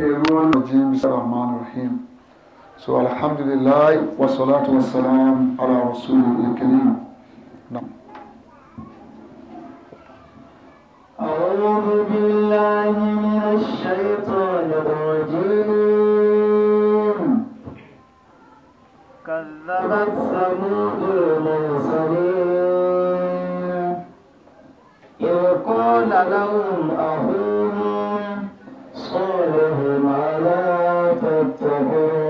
الرجيم بسم الله الرحمن الرحيم So alhamdulillah wa salatu wa salam ala rasulil kareem. Nam. أعوذ بالله من كذبت ثمود المرسلين إذ قال لهم أخوهم أصحابهم على تتبعون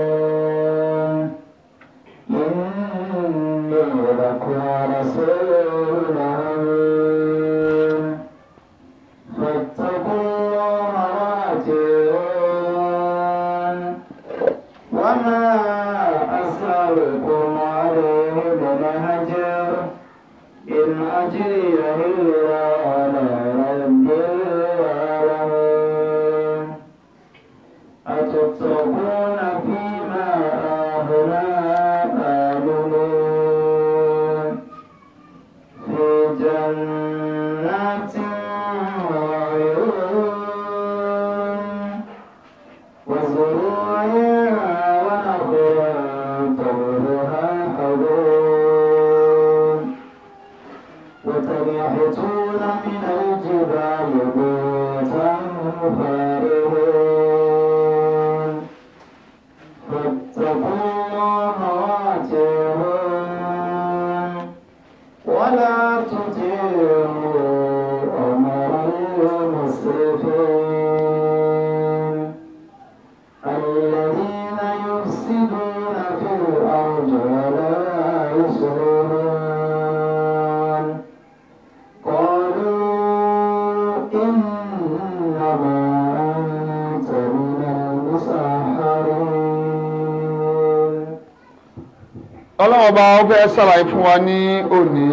ọba ó fẹ́ ṣàlàyé fún wa ní òní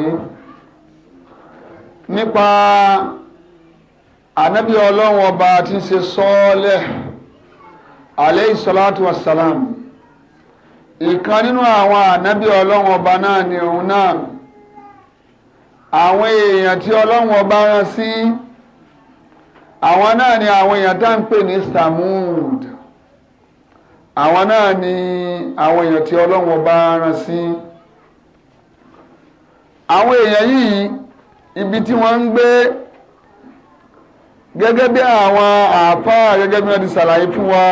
nípa ànábì ọlọ́run ọba tí ń ṣe sọ́ọ́lẹ̀ alayhi salatu wassalam ìkan nínú àwọn ànábì ọlọ́run ọba náà ni òun náà àwọn èèyàn tí ọlọ́run ọba rán sí àwọn náà ni àwọn èèyàn tá ń pè ní samud àwọn náà ni àwọn èèyàn tí ọlọ́run ọba rán sí. Si àwọn èèyàn yìí ibi tí wọ́n ń gbé gẹ́gẹ́ bí àwọn àáfàá gẹ́gẹ́ bí wọ́n ti ṣàlàyé fún wa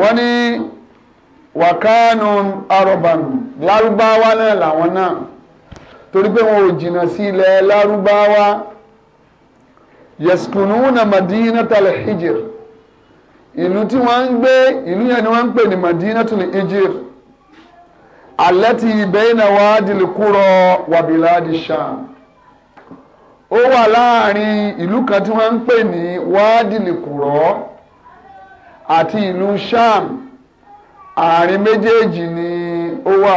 wọ́n ní wàkánù arọ̀bànù lárúbáwá náà làwọn náà torí pé wọn ò jìnnà sí ilẹ̀ lárúbáwá yẹsùkùnúnà madinatal hijr ìlú tí wọ́n ń gbé ìlú yẹn ni wọ́n ń pè ní madinatul hijr alẹ́tì ìbẹ́yìnà wa dìlìkúrọ̀ wàbíládì sham ó wà láàrin ìlú kan tí wọ́n ń pè ní wádìlìkúrọ̀ àti ìlú sham àárín méjèèjì ni ó wà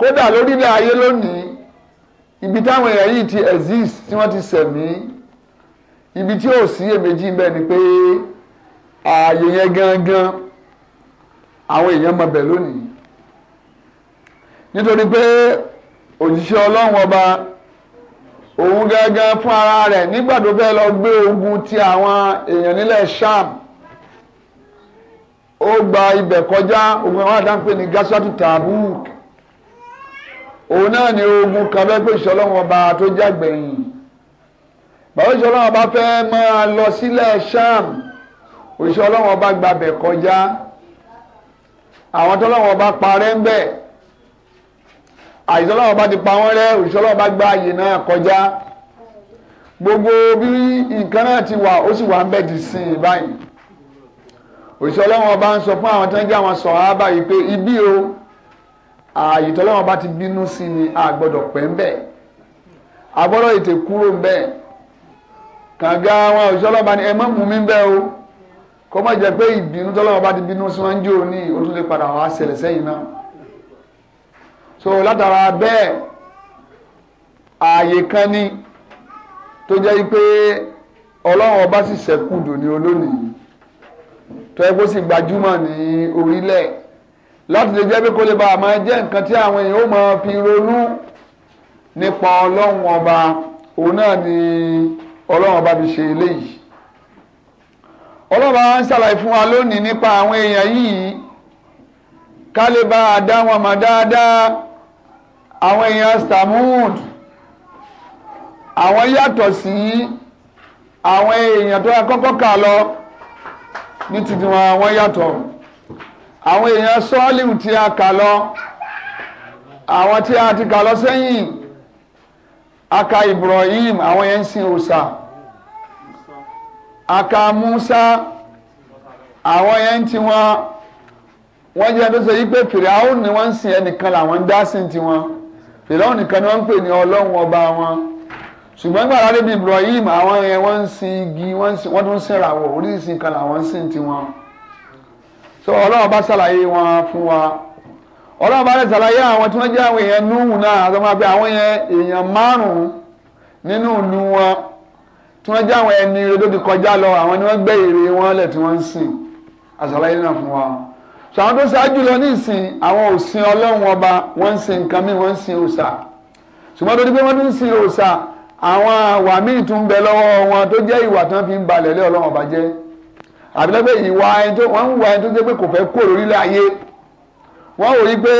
kódà lórílẹ̀ ayé lónìí ibi táwọn èèyàn yìí ti exist tí wọ́n ti sẹ̀mí ibi tí ò sí èméjì ń bẹ ni pé ààyè yẹn gangan àwọn èèyàn mọ̀ bẹ̀ lónìí nítorí pé òjíṣẹ́ ọlọ́run ọba òun gẹ́gẹ́ fún ara rẹ̀ nígbà tó fẹ́ lọ gbé ogun ti àwọn èèyàn nílẹ̀ sham ó gba ibẹ̀ kọjá ogun àwọn àdáńpé ní gasatu tabuk òun náà ni ogun kan fẹ́ pé ìṣọlọ́run ọba tó jágbẹ̀yìn bàbá ìṣọlọ́run ọba fẹ́ máa lọ sílẹ̀ sham òṣìṣẹ́ ọlọ́run ọba gbabẹ̀ kọjá àwọn tọ́lọ́run ọba parẹ́ ń bẹ́ẹ̀ àìsàn ọlọ́run bá ti pa wọ́n rẹ́ òṣìṣẹ́ ọlọ́run bá gba àyè náà kọjá gbogbo bí nǹkan náà ti wà ó sì wà ń bẹ̀ ti sìn ín báyìí òṣìṣẹ́ ọlọ́run ọba ń sọ fún àwọn tó ń jẹ́ àwọn sọ̀hábà yìí pé ibi o ààyè tọ́lọ́run ọba ti bínú sí ni a gbọ́dọ̀ pẹ́ ń bẹ̀ a gbọ́dọ̀ ètè kúrò ń bẹ̀ kànga àwọn òṣìṣẹ́ ọlọ́run ọba ni ẹ má mú mi ń o kọ́ mọ̀ jẹ́ pé ìbínú tọ́lọ́run ọba ti bínú sí wọn ń jò ní ó lè padà wá ṣẹlẹ̀ sẹ́yìn náà so látara bẹ́ẹ̀ ààyè kan ni tó jẹ́ pé ọlọ́run ọba sì ṣẹ́kù dòní olónìí tó ẹ kó sì gbajúmọ̀ ní orílẹ̀ láti lè jẹ́ pé kó lè bá a máa jẹ́ nǹkan tí àwọn èèyàn ó máa fi ronú nípa ọlọ́run ọba òun náà ni ọlọ́run ọba fi ṣe eléyìí ọlọ́run ọba ń ṣàlàyé fún wa lónìí nípa àwọn èèyàn yìí ká lè bá a dá wọn mọ̀ dáadáa àwọn èèyàn stamud àwọn yàtọ̀ sí àwọn èèyàn tó yẹ kọ́kọ́ kà lọ ní títí wọn yàtọ̀ àwọn èèyàn sọ́ọ̀lìmù tí a kà lọ àwọn tí a ti kà lọ sẹ́yìn aka Ibrahim àwọn yẹn ń sin òòṣà aka Musa àwọn yẹn ti wọn wọ́n jẹ́ tó sọ yí pé fìrìhàwùn ni wọ́n ń sin ẹnìkan làwọn ń dá sí tiwọn. fìlọ́ọ̀ nìkan ni wọ́n ń pè ọba wọn ṣùgbọ́n gbàrà níbi Ibrahim àwọn yẹn wọ́n ń sin igi wọ́n tún ń sinra wọ̀ so ọlọ́run bá ṣàlàyé wọn fún wa ọlọ́run bá ṣàlàyé àwọn tí wọ́n jẹ́ àwọn èèyàn náà àti ọmọ abẹ́ àwọn yẹn èèyàn márùn-ún nínú ìlú wọn tí wọ́n jẹ́ àwọn ẹni rẹ̀ kọjá lọ àwọn ni wọ́n gbé ère wọn lẹ̀ tí sọ àwọn tó ṣáájú lọ ní ìsìn àwọn òsìn ọlọ́run ọba wọ́n ń sin nǹkan míì wọ́n ń sin òòṣà ṣùgbọ́n tó di pé wọ́n ti ń sin òòṣà àwọn àwà míì tún bẹ lọ́wọ́ wọn tó jẹ́ ìwà tí wọ́n fi ń balẹ̀ lé ọlọ́run ọba jẹ́ àbílẹ́gbẹ́ ìwà ẹni tó wọ́n ń wà ẹni tó jẹ́ pé kò fẹ́ kúrò lórílẹ̀ ayé wọ́n wò yí pé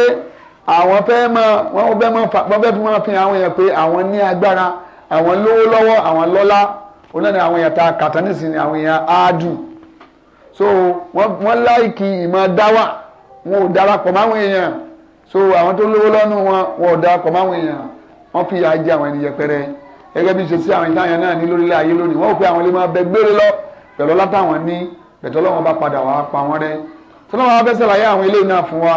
àwọn fẹ́ mọ wọ́n fẹ́ mọ wọ́n fẹ́ fi àwọn èèyàn pé àwọn ní agbára àwọn lówó lọ́wọ́ àwọn lọ́lá onáni àwọn èèyàn ta kàtà nísìnyí àwọn èèyàn áádùn so wọ́n láìkì ìmọ̀ dáwà wọn ò darapọ̀ máwọn èèyàn so àwọn tó lówó lọ́nu wọn wọn ò darapọ̀ máwọn èèyàn wọ́n fi ìyà jẹ àwọn ènìyàn pẹrẹ gẹ́gẹ́ bí ṣe sí àwọn ìtàn náà ní lórílẹ̀ ayé lónìí wọ́n ò pé àwọn lè máa bẹ gbére lọ pẹ̀lú látàwọn ní pẹ̀tọ́ lọ́wọ́n bá padà wá pa wọ́n rẹ́ tọ́lọ́wọ́n bá fẹ́ sàlàyé àwọn ilé náà fún wa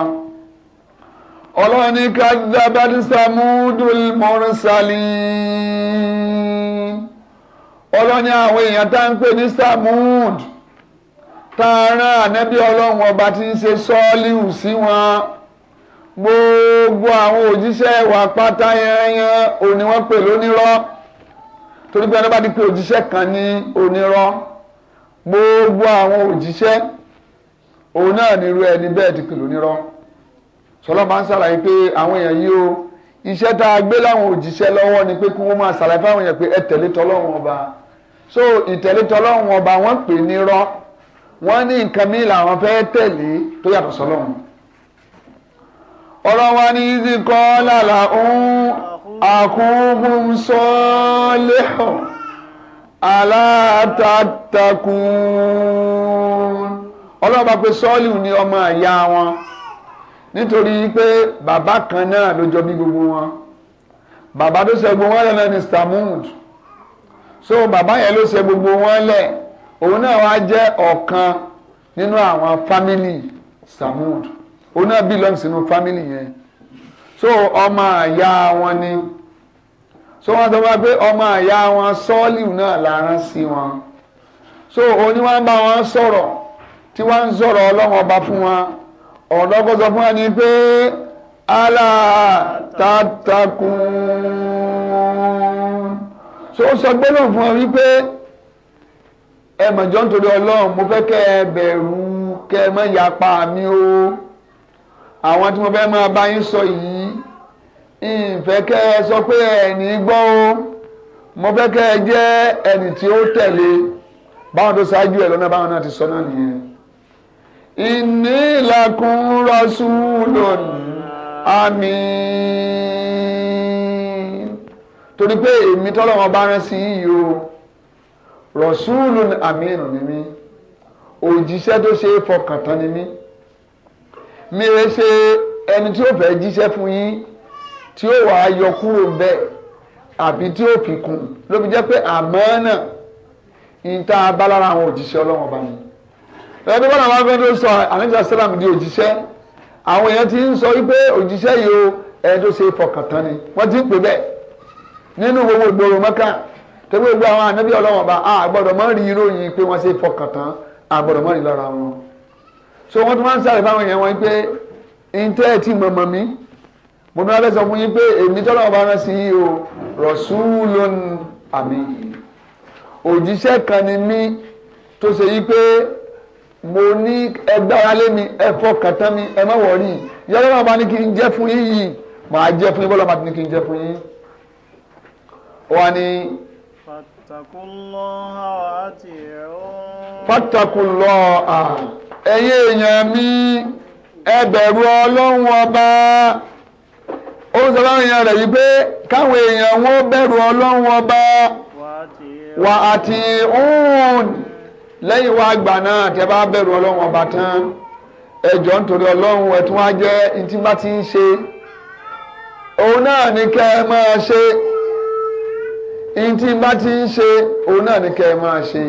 ọlọ́run ní kadzabat samudul mursalin ọlọ́run ní àwọn èèyàn tá ń pè ní samud tààrán ànábì ọlọ́run ọba tí ń ṣe sọ́ọ́líhù sí wọn gbogbo àwọn òjíṣẹ́ wa pátá yẹnyẹn òní wọ́n pè lónírọ́ torí pé ẹni bá di pé òjíṣẹ́ kan ní onírọ́ gbogbo àwọn òjíṣẹ́ òun náà nírú ẹni bẹ́ẹ̀ ti pè lónírọ́ sọlọ́ máa ń ṣàlàyé pé àwọn èèyàn yìí o iṣẹ́ tá a gbé láwọn òjíṣẹ́ lọ́wọ́ ni pé kí wọ́n máa ṣàlàyé fáwọn èèyàn pé ẹ tẹ̀lé tọlọ́run ọba so ìtẹ̀lé tọlọ́run ọba wọ́n pè nírọ́ wọ́n ní nǹkan míì làwọn fẹ́ tẹ̀lé tó yàtọ̀ sọ́lọ́run ọlọ́wọ́ ní ìdí kọ́ lálá òun àkúngun sọ́ọ́lẹ́hàn aláàtàtàkùn ọlọ́ba pé sọ́ọ́lì ni ọmọ ìyá wọn nítorí pé bàbá kan náà ló jọ bí gbogbo wọn bàbá tó ṣe gbogbo wọn lẹ̀ náà ni so bàbá yẹn ló ṣe gbogbo wọn lẹ̀ òun náà wá jẹ́ ọ̀kan nínú àwọn fámìlì Samud òun náà belong sínú fámìlì yẹn so ọmọ àyà wọn ni so wọ́n sọ wá pé ọmọ àyà wọn sọ́ọ̀lì náà lára sí wọn so òní wọ́n bá wọn sọ̀rọ̀ tí wọ́n ń sọ̀rọ̀ ọlọ́run ọba fún wọn ọ̀dọ́gbọ́n sọ fún wọn ni pé aláàtàtàkùn so ó sọ gbólóhùn fún wọn wípé ẹ mọ̀jọ́ nítorí ọlọ́run mo fẹ́ kẹ́ ẹ bẹ̀rù kẹ́ ẹ má yapa mi o àwọn tí mo fẹ́ máa bá yín sọ yìí ìfẹ́ kẹ́ ẹ sọ pé ẹ̀ní gbọ́ o mo fẹ́ kẹ́ ẹ jẹ́ ẹni tí ó tẹ̀lé báwọn tó ṣáájú ẹ̀ lọ́nà báwọn náà ti sọ náà nìyẹn. ìní ìlàkùn rasulun àmín torí pé èmi tọ́lọ́wọ́n bá rán sí yìí o rọ̀ṣúlù àmínú ni mí òjíṣẹ́ tó ṣe é fọkàn tán ni mí mi rẹ ṣe ẹni tí ó fẹ́ jíṣẹ́ fún yín tí ó wàá yọ kúrò bẹ́ẹ̀ àbí tí ó fi kún ló fi jẹ́ pé àmọ́ náà ìta abálára àwọn òjíṣẹ́ ọlọ́wọ́n bá ní. ẹni bọ́dà máa ń fẹ́ tó sọ àníjà sálàmù di òjíṣẹ́ àwọn èèyàn ti ń sọ wípé òjíṣẹ́ yìí o ẹni tó ṣe é fọkàn tán ni wọ́n ti ń pè bẹ́ẹ̀ nínú gbogbo ìgboro mọ́kà torí gbogbo àwọn ànábì ọlọ́wọ́n bá a gbọ́dọ̀ mọ́ rí ìròyìn pé wọ́n ṣe fọkàn tán a gbọ́dọ̀ mọ́ rí lára wọn so wọ́n tún máa ń sáré fáwọn èèyàn wọn pé ntẹ́ ti mọ̀mọ́ mi mo ní wọ́n fẹ́ sọ fún yín pé èmi tọ́lọ́wọ́n bá rán sí o rasulun àmì òjíṣẹ́ kan ni mí tó ṣe yí pé mo ní ẹgbára lé mi ẹ fọkàn tán mi ẹ má wọ̀rí yẹ́n lọ́wọ́ bá ní kí n فاتقوا الله وأطيعون فاتقوا الله ẹ̀yin èèyàn mi ẹ bẹ̀rù ọlọ́run ọba ó ń sọ láwọn èèyàn rẹ̀ yìí pé káwọn èèyàn wọn bẹ̀rù ọlọ́run ọba wà àti òun lẹ́yìn wá gbà náà tẹ́ bá bẹ̀rù ọlọ́run ọba tán ẹjọ́ nítorí ọlọ́run ẹ̀ wá jẹ́ ìtí ti ń ṣe òun náà ní kẹ́ máa ṣe ihun tí bá ti ń ṣe òun náà ni kẹ́ ẹ máa ṣe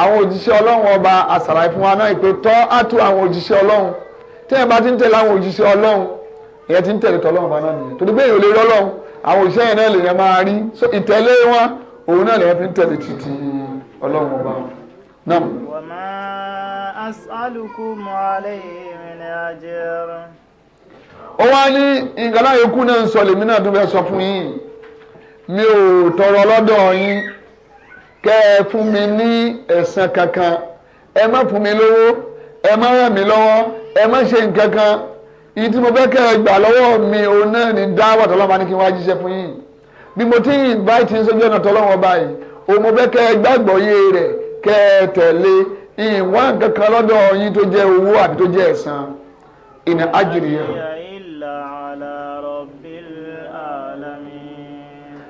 àwọn òjíṣẹ́ ọlọ́run ọba àṣàlàyé fún wa náà pé tọ́ á tú àwọn òjíṣẹ́ ọlọ́run tẹ́ ẹ bá ti ń tẹ̀lé àwọn òjíṣẹ́ ọlọ́run ìyẹn ti ń tẹ̀lé tọ́lọ́run ọba náà nìyẹn torí pé èèyàn lè rí ọlọ́run àwọn òjíṣẹ́ yẹn náà lè yẹn máa rí so ìtẹ̀lé wọn òun náà lè yẹn fi ń tẹ̀lé títí ọlọ́run ọba náà. wa ma as'alukum alayhi min ó wá ní nǹkan láyé náà ń sọ lèmi náà tó sọ fún yín mi ò tọrọ lọ́dọ̀ yín kẹ́ ẹ fún mi ní ẹ̀san kankan ẹ má fún mi lówó ẹ má ràn mí lọ́wọ́ ẹ má ṣe nǹkan kan ìyí tí mo fẹ́ kẹ́ ẹ gbà lọ́wọ́ mi òun náà ní dáwọ̀ tọ́lọ́mọ ní kí n wá jíṣẹ́ fún yín bí mo ti yìn báyìí ti ń sójú ọ̀nà tọ́lọ́wọ́ báyìí òun mo fẹ́ kẹ́ ẹ gbàgbọ́ yé rẹ̀ kẹ́ ẹ tẹ̀lé ìwọ̀n kankan lọ́dọ̀ yín tó jẹ́ owó àbí tó jẹ́ ẹ̀san ìnà àjùrì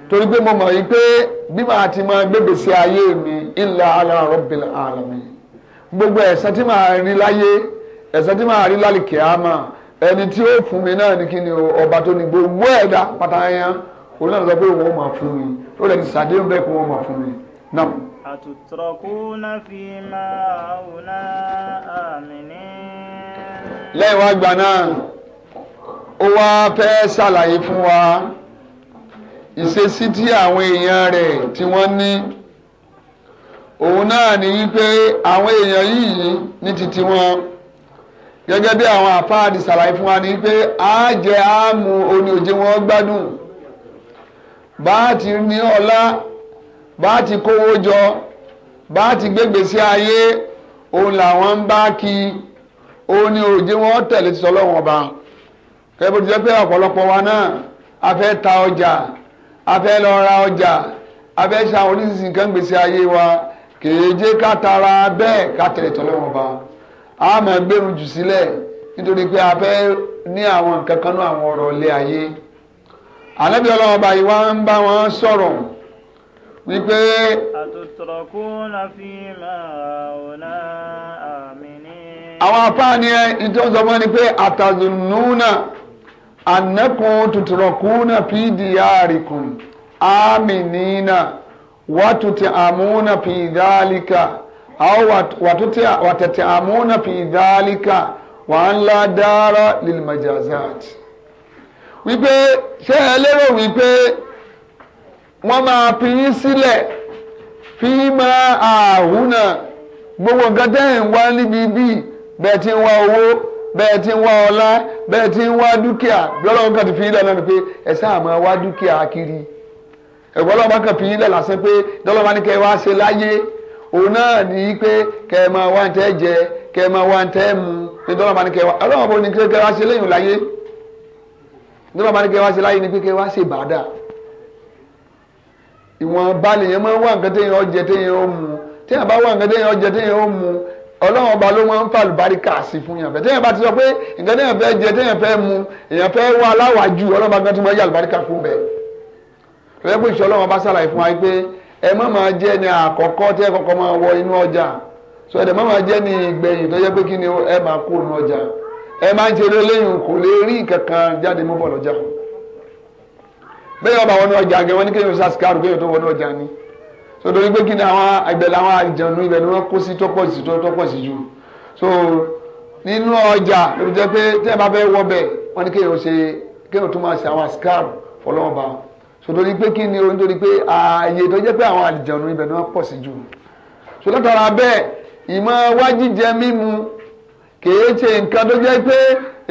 torí pé mo mọ̀ yí pé bí màá ti máa gbébèsè ayé mi illa ala rabbil alamin gbogbo ẹ̀san tí màá rí láyé ẹ̀san tí màá rí lálìkẹ́ àmà ẹni tí ó fún mi náà ní kí ni ọba tó ní gbogbo ẹ̀dá pátáyán òun náà lọ pé òun máa fún mi ó lẹ́ni sàdéhùn bẹ́ẹ̀ kó wọ́n máa fún mi náà. àtùtùrọ̀kúnà fi máa àwòrán àmìní. lẹ́yìn wá gbà náà ó wá fẹ́ ṣàlàyé fún wa ìṣesí tí àwọn èèyàn rẹ̀ tí wọ́n ní òun náà ni wípé àwọn èèyàn yìí ní titi wọn gẹ́gẹ́ bí àwọn àfáàdì ṣàlàyé fún wa ni pé á jẹ àmú oní òjé wọn gbádùn bá a ti ní ọlá bá a ti kówó jọ bá a ti gbégbé sí ayé òun làwọn ń bá kí òun òjé wọn tẹ̀lé ti sọ lọ́wọ́n ọba kẹ́bí ó ti jẹ́ pé ọ̀pọ̀lọpọ̀ wa náà a fẹ́ ta ọjà a fẹ́ lọ ra ọjà a fẹ́ ṣe àwọn oríṣiríṣi nǹkan gbèsè ayé wa kèéjé ká tara bẹ́ẹ̀ ká tẹ̀lé tọ́lọ́wọ́n ba a máa gbẹ̀rù jù sílẹ̀ nítorí pé a fẹ́ ní àwọn nǹkan kan náà àwọn ọ̀rọ̀ ilé ayé àlẹ́bí ọlọ́wọ́n ba yìí wá ń bá wọn sọ̀rọ̀ wípé. àtòtòrọ̀kúnlá fi máa ọ̀nà àmì ní. àwọn afáàní ẹ̀ ìtọ́sọ́mọ́ ni pé àtàzùnúnà anakun tuturakuna fi diyarikum aminina watuti amuna fi dhalika au watuti watati amuna fi dhalika wa an la dara lil majazat wípé ṣé ẹ lérò wípé wọ́n máa fi yín fi máa àhúnà gbogbo nǹkan tẹ́ wá níbi bíi bẹ́ẹ̀ tí ń wá owó bẹ́ẹ̀ ti ń wá ọlá bẹ́ẹ̀ ti ń wá dúkìá bí ọlọ́run kan ti fi ilẹ̀ náà ni pé ẹ sáà máa wá dúkìá kiri ẹ̀gbọ́n ọlọ́run bá kàn fi ilẹ̀ lásán pé dọ́lọ́ bá ní kẹ́ ẹ wá ṣe láyé òun náà ní pé kẹ́ ẹ máa wá ń tẹ́ jẹ kẹ́ ẹ máa wá ń tẹ́ mu ní dọ́lọ́ bá ní kẹ́ ẹ wá ọlọ́run bó ni kẹ́ ẹ wá ṣe lẹ́yìn láyé dọ́lọ́ bá ní kẹ́ ẹ wá ṣe láyé ni pé kẹ́ ẹ wá ṣe bàdà ìwọ̀n balẹ̀ yẹn máa ń wá nǹkan téèyàn ó jẹ téèyàn ọlọ́run ọba ló máa ń fà lùbáríkà sí fún yàn fẹ́ téèyàn bá ti sọ pé nǹkan téèyàn fẹ́ jẹ téèyàn fẹ́ mu èèyàn fẹ́ wá aláwàájú ọlọ́run bá gbẹ́ tó máa yà lùbáríkà kú bẹ́ẹ̀ lọ́jọ́ pé ìṣọ́ ọlọ́run ọba ṣàlàyé fún wa pé ẹ má máa jẹ́ ní àkọ́kọ́ tí ẹ kọ́kọ́ máa wọ inú ọjà so ẹ̀dẹ̀ má máa jẹ́ ní ìgbẹ̀yìn tó pé kí ni ẹ máa kó inú ọjà ẹ máa ń ṣe lélẹ́yìn kò lè rí kankan jáde mú bọ̀ lọ́jà bẹ́ẹ̀ ọba wọnú ọjà gẹ̀ wọ́n ní kéèyàn sàṣìkárù kéèyàn tó wọnú ọjà ni so torí pé kí ni àwọn ibẹ̀ làwọn àjẹnu ibẹ̀ ni wọ́n kó sí tọ́pọ̀ sí tọ́pọ̀ sí jù so nínú ọjà ló fi jẹ́ pé tẹ́ ẹ bá fẹ́ wọ bẹ̀ wọ́n ní kéèyàn ṣe kéèyàn tún máa ṣe àwọn scam fọlọ́wọ́n bá so torí pé kí ni nítorí pé ààyè tó jẹ́ pé àwọn àjẹnu ibẹ̀ ni wọ́n pọ̀ sí jù so látara bẹ́ẹ̀ ìmọ̀ wá jíjẹ mímu kìí ṣe nǹkan tó jẹ́ pé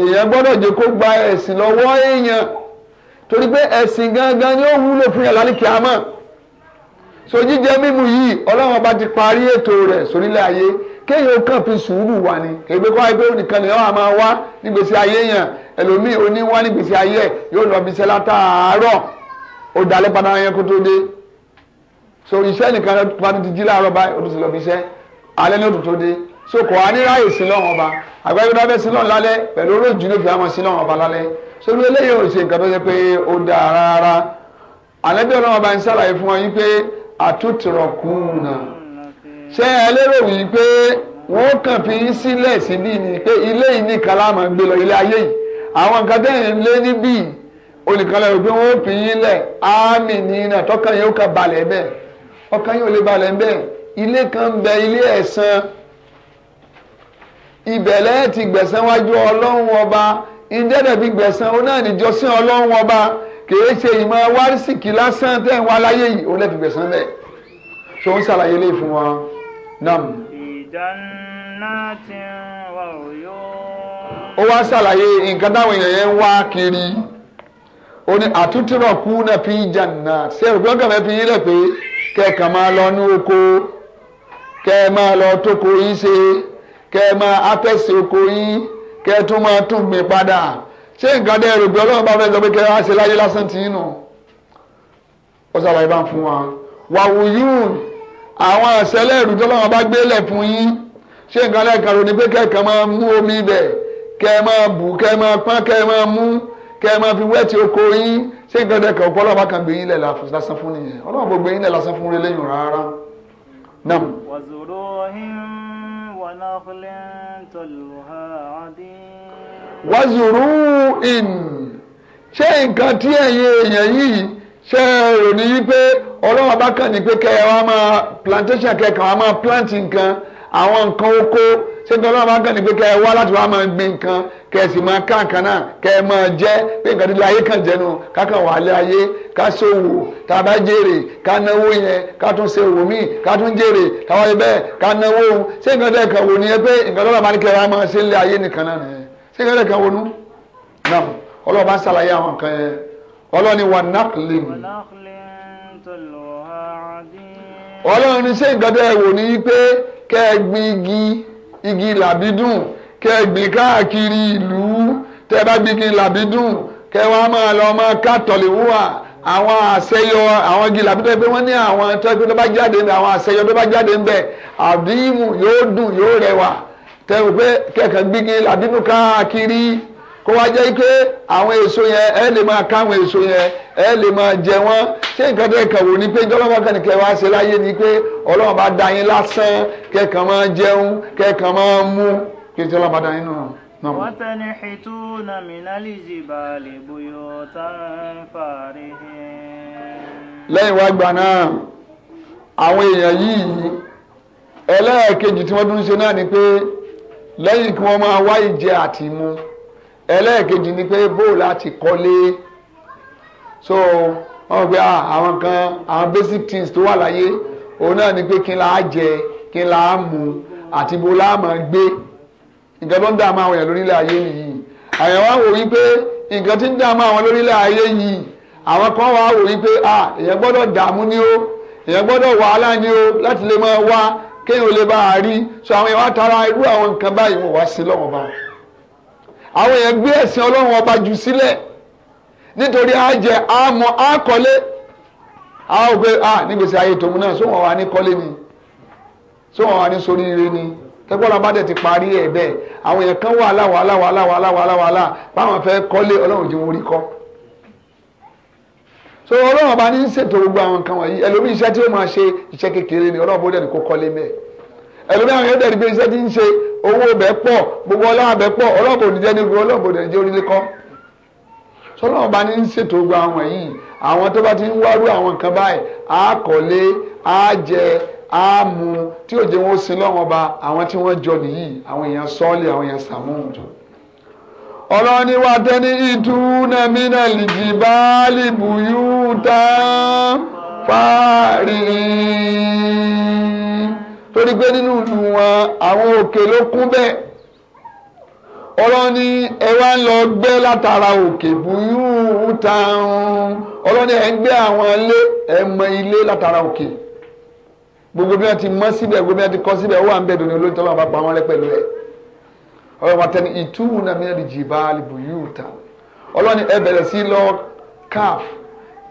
èèyàn gbọ́dọ̀ jẹ́ kó gba ẹ̀sìn lọ́wọ́ èèyàn torí pé ẹ̀sìn gangan ni ó wúlò fún yàrá ní kíámọ́ so jíjẹ mímu yìí ọlọ́run ọba ti parí ètò rẹ̀ sórílẹ̀ ayé kéèyàn kàn fi sùúrù wà ní ègbé kọ́ ẹgbẹ́ nìkan lè wà máa wá nígbèsè ayé yẹn ẹlòmíì oníwá nígbèsè ayé ẹ̀ yóò lọ bí iṣẹ́ látàárọ̀ ó dalẹ́ padà yẹn kó tó dé so iṣẹ́ nìkan bá ti jí láàárọ̀ báyìí ó tún ti lọ bí iṣẹ́ alẹ́ ní ó tún tó dé so kò wá ní ráyè sí lọ́wọ́n ọba àgbáyé bá sí lọ́wọ́n lálẹ́ pẹ̀lú olóòjì àtútùrọ̀kùnà ṣé ẹ lérò wípé wọn kàn fi yín sílẹ̀ síbí ni pé ilé yìí nìkan láàmú gbé lọ ilé ayé yìí àwọn nǹkan tẹ̀yìn lé níbí olùkọ́lẹ̀ rò pé wọ́n fi yín lẹ̀ ámì nínà tọ́kàn yóò kà balẹ̀ bẹ́ẹ̀ ọkàn yóò lè balẹ̀ bẹ́ẹ̀ ilé kan bẹ ilé ẹ̀sán ibẹ̀lẹ́ ti gbẹ̀san wájú ọlọ́run ọba ìdẹ́dẹ̀ fi gbẹ̀san onáà níjọ́sìn ọlọ́run ọba kìí ṣe ìmọ̀ wárísìkì lásán tẹ́ ń wá láyé yìí ó lẹ́fi gbẹ̀sán bẹ́ẹ̀ ṣó ń ṣàlàyé lè fún wọn náà. ìdánáàtì wà òyò. ó wá ṣàlàyé nǹkan táwọn èèyàn yẹn ń wá kiri ó ní àtúntúrọ̀ kú náà fi jàǹnà ṣé òpin ọkàn fẹ́ fi yín rẹ̀ pé kẹ́ẹ̀kan máa lọ ní oko kẹ́ ẹ máa lọ tóko yín ṣe kẹ́ ẹ máa afẹ́sẹ̀ oko yín kẹ́ ẹ tún máa tún gbìn padà ṣé nǹkan dẹ́ rògbé ọlọ́run bá fẹ́ sọ pé kẹ́rẹ́ á ṣe láyé lásán tí ń nù ó ṣàlàyé bá ń fún wa wàwùyún àwọn àṣẹlẹ̀ ìrù tọ́lọ́run bá gbélẹ̀ fún yín ṣé nǹkan lẹ́ẹ̀kan ro ni pé kẹ́ẹ̀kan máa mú omi ibẹ̀ kẹ́ ẹ máa bù kẹ́ ẹ máa pọ́n kẹ́ ẹ máa mú kẹ́ ẹ máa fi wẹ́ẹ̀tì oko yín ṣé nǹkan dẹ́ẹ̀kan ọ̀pọ̀ ọlọ́run bá kan gbé yín lẹ̀ lásán fún nìyẹn ọlọ́run nam wazuru in ṣé nǹkan tí ẹ̀yin èèyàn yìí ṣe rò ní wípé ọlọ́run bá kàn ní pé kẹ́ ẹ wá máa plantation kẹ́kàn wá máa plant nǹkan àwọn nǹkan oko ṣé nǹkan ọlọ́run bá kàn ní pé kẹ́ ẹ wá láti wá máa gbin nǹkan kẹ́ ẹ sì máa ká nǹkan náà kẹ́ ẹ máa jẹ pé nǹkan tílé ayé kàn jẹnu kákan wà lé ayé ká ṣòwò tá a bá jèrè ká náwó yẹn ká tún ṣe òwò míì ká tún jèrè táwa bẹ́ẹ̀ ká náwó ṣé nǹkan tẹ̀ wò ni ẹ pé nǹkan ọlọ́run bá ní kẹ́ wá máa ṣe lé ayé nìkan náà nìyẹn ṣé ìrẹ́lẹ̀ gan wọnú náà ọlọ́ọ̀bá ń ṣàlàyé àwọn nǹkan yẹn ọlọ́ọ̀ni wà nákìlì mi. ọlọ́run ní ṣé ìgbàdá ẹ̀ wò ní pé kẹ́ ẹ gbin igi igi làbídùn kẹ́ ẹ gbìn káàkiri ìlú tẹ́ ẹ bá gbin igi làbídùn kẹ́ ẹ wá máa lọ máa kátọ̀lì wúwà àwọn àṣeyọ àwọn igi làbídùn pé wọ́n ní àwọn tó bá jáde àwọn àṣeyọ tó bá jáde ń bẹ̀ àbímù yóò dùn yóò rẹwà tẹ́wọ̀n pé kẹ̀kẹ́ gbígi làbínú káàkiri kó wá jẹ́ pé àwọn èso yẹn ẹ lè máa ká àwọn èso yẹn ẹ lè máa jẹ wọ́n ṣé nǹkan tẹ́ kàn ni pé jọ́lọ́wọ́ kan kẹ́ wá ṣe láyé ni pé ọlọ́run bá da yín lásán kẹ́kàn máa jẹun kẹ́kàn máa mú kí n ti ọlọ́run bá da yín nù. وتنحتون من الجبال بيوتا فارهين lẹ́yìn wá gbà náà àwọn èèyàn yìí ẹlẹ́ẹ̀kejì tí wọ́n tún ṣe náà ni pé lẹ́yìn kí wọ́n máa wá ìjẹ àti mu ẹlẹ́ẹ̀kejì ni pé bó láti kọ́lé so wọ́n gbé ah, àwọn kan àwọn basic things tó wà láyé òun náà ni pé kí n là á jẹ kí n là á mu àti bó láà máa gbé nǹkan tó ń dààmú àwọn èèyàn lórílẹ̀ ayé nìyí àyàn wá wò wípé nǹkan tí ń dààmú àwọn lórílẹ̀ ayé yìí àwọn kan wá wò wípé ah èèyàn gbọ́dọ̀ dààmú ni ó èèyàn gbọ́dọ̀ wàhálà ni ó láti lè máa wá kéèyàn lè bá a rí so àwọn èèyàn wá tara irú àwọn nǹkan báyìí wọ́n wá sí lọ́wọ́ bá àwọn èèyàn gbé ẹ̀sìn ọlọ́run ọba jù sílẹ̀ nítorí a jẹ àmọ́ a kọ́lé a ò pé a nígbèsè ayé tòun náà sóhun wà ní kọ́lé ni sóhun wà ní soríire ni tẹ́gbọ́nà bá dẹ̀ ti parí ẹ̀ bẹ́ẹ̀ àwọn èèyàn kan wà láwàá láwàá láwàá láwàá láwàá láwàá báwọn fẹ́ kọ́lé ọlọ́run jẹun orí kọ́ so ọlọ́run ọba ní ṣètò gbogbo àwọn nǹkan wọ̀nyí ẹlòmíì iṣẹ́ tí ó máa ṣe iṣẹ́ kékeré ni ọlọ́run bó dẹ̀ ní kó kọ́lé mẹ́ẹ̀ ẹlòmíì àwọn yóò dẹ̀ ní pé iṣẹ́ tí ń ṣe owó bẹ́ẹ̀ pọ̀ gbogbo ọlọ́run abẹ́ pọ̀ ọlọ́run bò ní jẹ́ ní gbogbo ọlọ́run bò ní jẹ́ orílẹ̀ kọ́ sọlọ́run ọba ní ṣètò gbogbo àwọn yìí àwọn tó bá ti ń wárú àwọn nǹkan báyìí á kọ́lé á jẹ á mu tí òjò wọn ó sin lọ́wọ́n ọba àwọn tí wọ́n jọ nìyí àwọn ọlọ́ni wa tẹ́ni ìtúnà mínà lìjìbáàlì bùyúta fáàrí torí pé nínú ìlú wọn àwọn òkè ló kún bẹ́ẹ̀ ọlọ́ni ẹ wá ń lọ gbé látara òkè bùyúta ọlọ́ni ẹ ń gbé àwọn ilé ẹ mọ ilé látara òkè gbogbo bí wọn ti mọ síbẹ̀ gbogbo bí wọn ti kọ́ síbẹ̀ ó wà ń bẹ̀ dòní olóyún tó bá pa wọn rẹ pẹ̀lú ọlọ́run wa tẹni ìtúwù náà mìíràn jì bá alìbù yóò ta ọlọ́run ẹ bẹ̀rẹ̀ sí lọ káf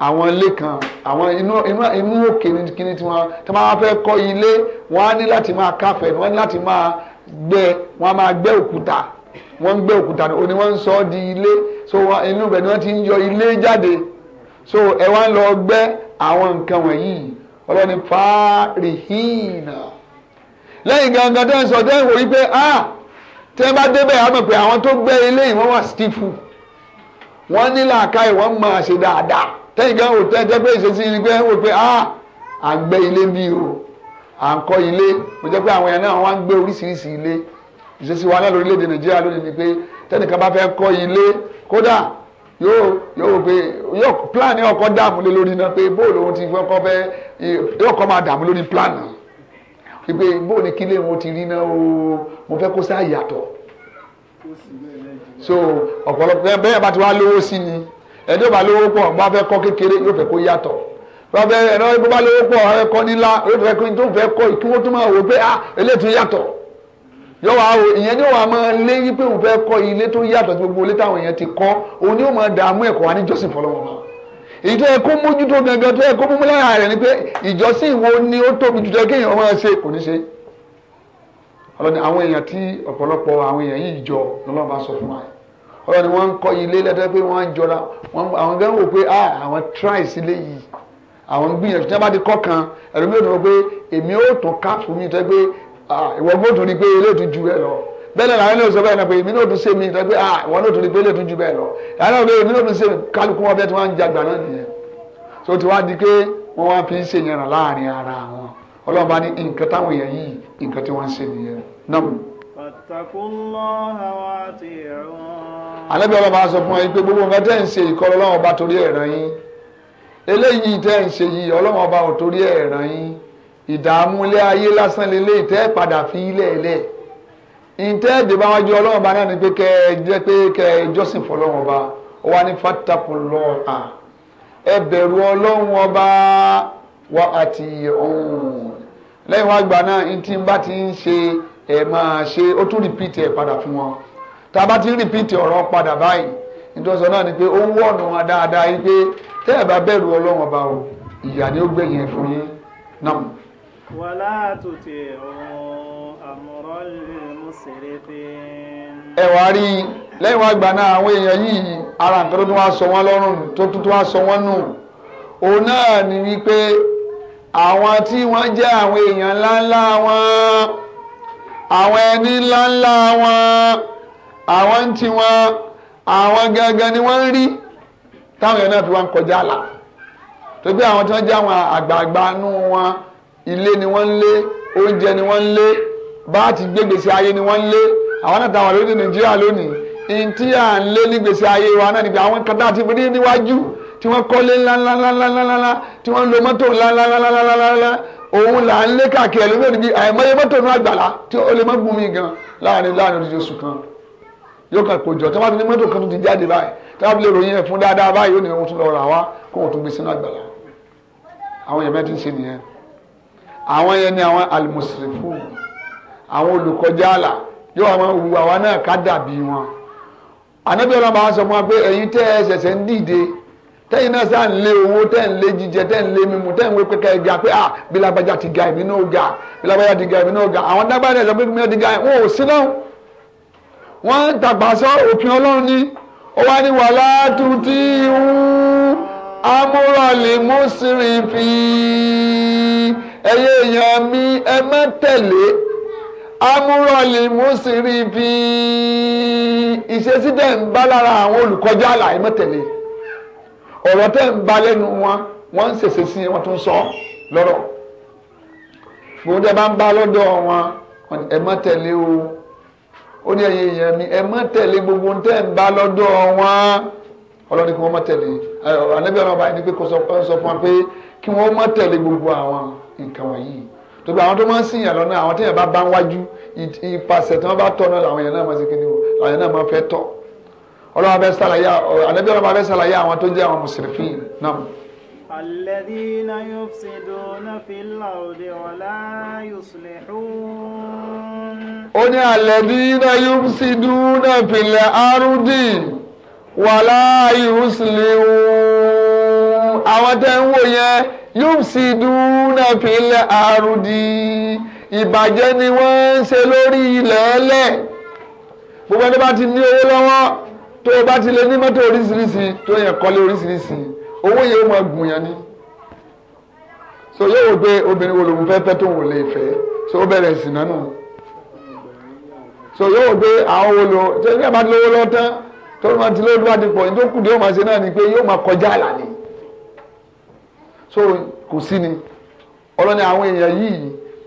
àwọn ilé kan àwọn inú inú òkè kìíní tí wọn tí wọn fẹ́ kọ́ ilé wọn á ní láti máa káf ẹ̀ wọn á ní láti máa gbẹ́ wọn á máa gbẹ́ òkúta wọn ń gbẹ́ òkúta ni òní wọn ń sọ ọ́ di ilé so inú ibẹ̀ ni wọ́n ti ń yọ ilé jáde so ẹ wá ń lọ gbẹ́ àwọn nǹkan wọ̀nyí ọlọ́run fàárì hìnà gangan tẹ́ ń sọ tẹ́ ń wò wípé ah tí wọ́n bá débẹ̀ á mọ̀ pé àwọn tó gbẹ́ ilé yìí wọ́n wà stífù wọ́n ní làákàyè wọ́n máa ṣe dáadáa tẹ́yìn gan ò tẹ́ tẹ́ pé ìṣesí ni pé wọ́n pe ah à ń gbẹ́ ilé bí o à ń kọ́ ilé mo jẹ́ pé àwọn èèyàn náà wọ́n á ń gbé oríṣiríṣi ilé ìṣesí wa náà lórílẹ̀‐èdè Nàìjíríà lónìí ni pé tẹ́nìkan bá fẹ́ kọ́ ilé kódà yóò yóò pé yóò plan ọkọ̀ dààmú lé lórí náà pé bóòlù ohun ti fẹ́ kọ́ fẹ́ yóò kọ́ máa dààmú lórí plan náà ìgbé bóun ni kílé wọn ti rí náà o mo fẹ́ kó sáà yàtọ̀ so ọ̀pọ̀lọpọ̀ bẹ́ẹ̀ bá ti wá lówó sí ni ẹni tó bá lówó pọ̀ bá fẹ́ kọ́ kékeré yóò fẹ́ kó yàtọ̀ bá fẹ́ ẹ̀rọ bá lówó pọ̀ ẹ kọ́ nílá yóò fẹ́ kó tó fẹ́ kọ́ ìkíwó tó máa wò pé ah eléyìí tó yàtọ̀ yóò wá ìyẹn ni wàá máa lé yí pé òun fẹ́ kọ́ ilé tó yàtọ̀ tí gbogbo ilé táwọn èèyàn ti kọ́ òun ni ó máa dààmú ẹ̀kọ́ wa ní jọ́sìn fọlọ́wọ́n máa èyí tó yẹ kó mójútó gangan tó yẹ kó mú lára rẹ̀ ni pé ìjọsìn wo ni ó tóbi jù tẹ́ kéèyàn máa ṣe kò ní ṣe ọlọ́ni àwọn èèyàn tí ọ̀pọ̀lọpọ̀ àwọn èèyàn yìí jọ lọ́lọ́run bá sọ fún wa ọlọ́ni wọ́n ń kọ́ ilé lẹ́tọ́ pé wọ́n ń jọra àwọn gan wò pé ah, àwọn try sílé yìí àwọn gbìyànjú tí wọ́n bá ti kọ́ kan ẹ̀rọ mi ò tó pé èmi ò tó ká fún mi tẹ́ pé ìwọ gbọ́dọ̀ ni pé ilé ti ju lọ bẹ́ẹ̀ làwọn náà sọ bẹ́ẹ̀ náà pé èmi náà tún ṣe mi lọ́pẹ́ à ah, wọ́n náà tún lè gbélé tún ju bẹ́ẹ̀ lọ làwọn náà èmi náà tún ṣe kálukú wọn bẹ́ẹ̀ tí wọ́n ń jagbà náà nìyẹn so tí wọ́n á di pé wọ́n wá fi ń ṣe yẹn láàrin ara wọn ọlọ́run bá ní nǹkan táwọn èèyàn yìí nǹkan tí wọ́n ń ṣe nìyẹn náà. àlẹ́bí ọlọ́ba sọ fún ẹ pé gbogbo nǹkan tẹ́ ń ṣe ìkọlọ ọlọ́run ọba torí ẹ̀ ràn yín eléyìí tẹ́ ń ṣe yìí ọlọ́run ọba ò torí ẹ̀ yín ìdààmú ilé ayé lásán lélẹ́yìí tẹ́ padà fi ilé ẹ̀lẹ́ẹ̀ ìtẹ́ẹ̀dì bá wájú ọlọ́run bá náà ni pé kẹ́ ẹ jẹ́ pé kẹ́ ẹ jọ́sìn fọlọ́run ọba ó wá ní fatakulọ à ẹ bẹ̀rù ọlọ́run ọba wa àti ọ̀hún lẹ́yìn wá gbà náà ní tí n bá ti ń ṣe ẹ̀ máa ṣe ó tún rìpíìtì ẹ̀ padà fún wọn tá a bá ti rìpíìtì ọ̀rọ̀ padà báyìí ìtọ́sọ náà ni pé ó ń wọ̀nù wọn dáadáa yìí pé tẹ́ ẹ̀ bá bẹ̀rù ọlọ́run ọba o ìyà ni ó gbẹ̀yìn ẹ̀ fún yín náà. wàhálà tó ti ẹ̀ ọ̀hún lè ẹ wá rí i lẹ́yìn wá gbà náà àwọn èèyàn yìí ara nǹkan tó tún wá sọ wọ́n lọ́rùn tó tún tún wá sọ wọ́n nù òun náà ni wípé àwọn tí wọ́n jẹ́ àwọn èèyàn ńláńlá wọn àwọn ẹni ńláńlá wọn àwọn ń ti wọn àwọn gangan ni wọ́n ń rí táwọn èèyàn náà fi wá ń kọjá àlà tó gbé àwọn tí wọ́n jẹ́ àwọn àgbààgbà nú wọn ilé ni wọ́n ń lé oúnjẹ ni wọ́n ń lé bá a ti gbégbèsè ayé ni wọ́n ń lé àwọn náà táwọn lórílẹ̀ nàìjíríà lónìí ihun tí à ń lé nígbèsè ayé wa náà níbi àwọn kan tá a ti rí níwájú tí wọ́n kọ́lé ńláńláńláńláńlá tí wọ́n ń lo mọ́tò ńláńláńláńláńlá òun là ń lé káàkiri ẹ̀ lórí ibi àìmọye mọ́tò ní àgbàlá tí ó lè má gún mi gan láàrin láàrin oṣù oṣù kan yóò kàn kó jọ tí wọ́n ti ní mọ́tò kan tó ti jáde báyìí tí wọ́n lè ròyìn ẹ̀ fún dáadáa báyìí ó ní ohun tó lọ rà wá kó wọ́n tó gbé sínú àgbàlá àwọn yẹn mẹ́tí ń ṣe nìyẹn àwọn yẹn ni àwọn alimusirifu àwọn olùkọjá àlà yóò wá máa wu àwa náà ká dàbí wọn ànábì ọlọ́run bá sọ fún wa pé ẹ̀yin tẹ́ ẹ ṣẹ̀ṣẹ̀ ń dìde tẹ́yìn náà sáà ń lé owó tẹ́ ń lé jíjẹ tẹ́ ń lé mímu tẹ́ ń wé pé kẹ́ẹ̀ ga pé ah bí ti ga èmi náà ga bí ti ga èmi náà ga àwọn dábàá ẹ̀sọ́ pé mi náà ti ga wọn ò sí náà wọ́n ń tàgbà sọ òfin ọlọ́run ni ó wá ní wàhálà tuntun ìhun amúrọ̀lì mùsùlùmí ẹ̀yẹ èèyàn mi ẹ má tẹ̀lé amúrọ̀lì mùsùlùmí bí ìṣesí tẹ̀ ń bá lára àwọn olùkọjá àlàyé mọ́tẹ̀lẹ́ ọ̀rọ̀ tẹ̀ ń bá lẹ́nu wọn wọ́n ń ṣèṣe sí wọn tó ń sọ lọ́rọ̀ gbogbo tẹ́ bá ń bá lọ́dọ̀ wọn ẹ má tẹ̀lé o ó ní ẹ̀yin èèyàn mi ẹ má tẹ̀lé gbogbo tẹ́ ń bá lọ́dọ̀ wọn ọlọ́ni kí wọ́n má tẹ̀lé ànábì ọ̀rọ̀ ọba ẹni pé kò sọ fún wa pé kí wọ́n má gbogbo àwọn nǹkan wọ̀nyí tóbi àwọn tó máa ń sìn yàn lọ́nà àwọn téèyàn bá bá ń wájú ipasẹ̀ tí wọ́n bá tọ́ náà làwọn yẹn náà máa ṣe kíni o làwọn yẹn náà máa fẹ́ tọ́ ọlọ́wọ́ bẹ́ẹ̀ sàlàyé ànábì ọlọ́wọ́ bẹ́ẹ̀ sàlàyé àwọn tó jẹ́ àwọn mùsùlùmí náà. الذين يفسدون في الأرض ولا يصلحون ó ní الذين يفسدون في الأرض ولا يصلحون àwọn tẹ́ ń wò yẹn yufsiduna fil ardi ìbàjẹ́ ni wọ́n ń ṣe lórí ilẹ̀ ẹlẹ̀ gbogbo ẹni bá ti ní owó lọ́wọ́ tó o bá ti lè ní mọ́tò oríṣiríṣi tó yẹ kọ́lé oríṣiríṣi owó yẹn ó máa gùn yẹn ni so yóò wò obìnrin wo lòun tó wò lè fẹ́ so ó bẹ̀rẹ̀ sí nánú so yóò wò pé àwọn wo lò ṣé ní àbá ti lówó lọ́tán tó máa ti lówó lọ́wọ́ àdìpọ̀ ní ó máa ṣe náà ni pé yóò máa kọjá àlà ni so kò sí ni ọlọ́ni àwọn èèyàn yìí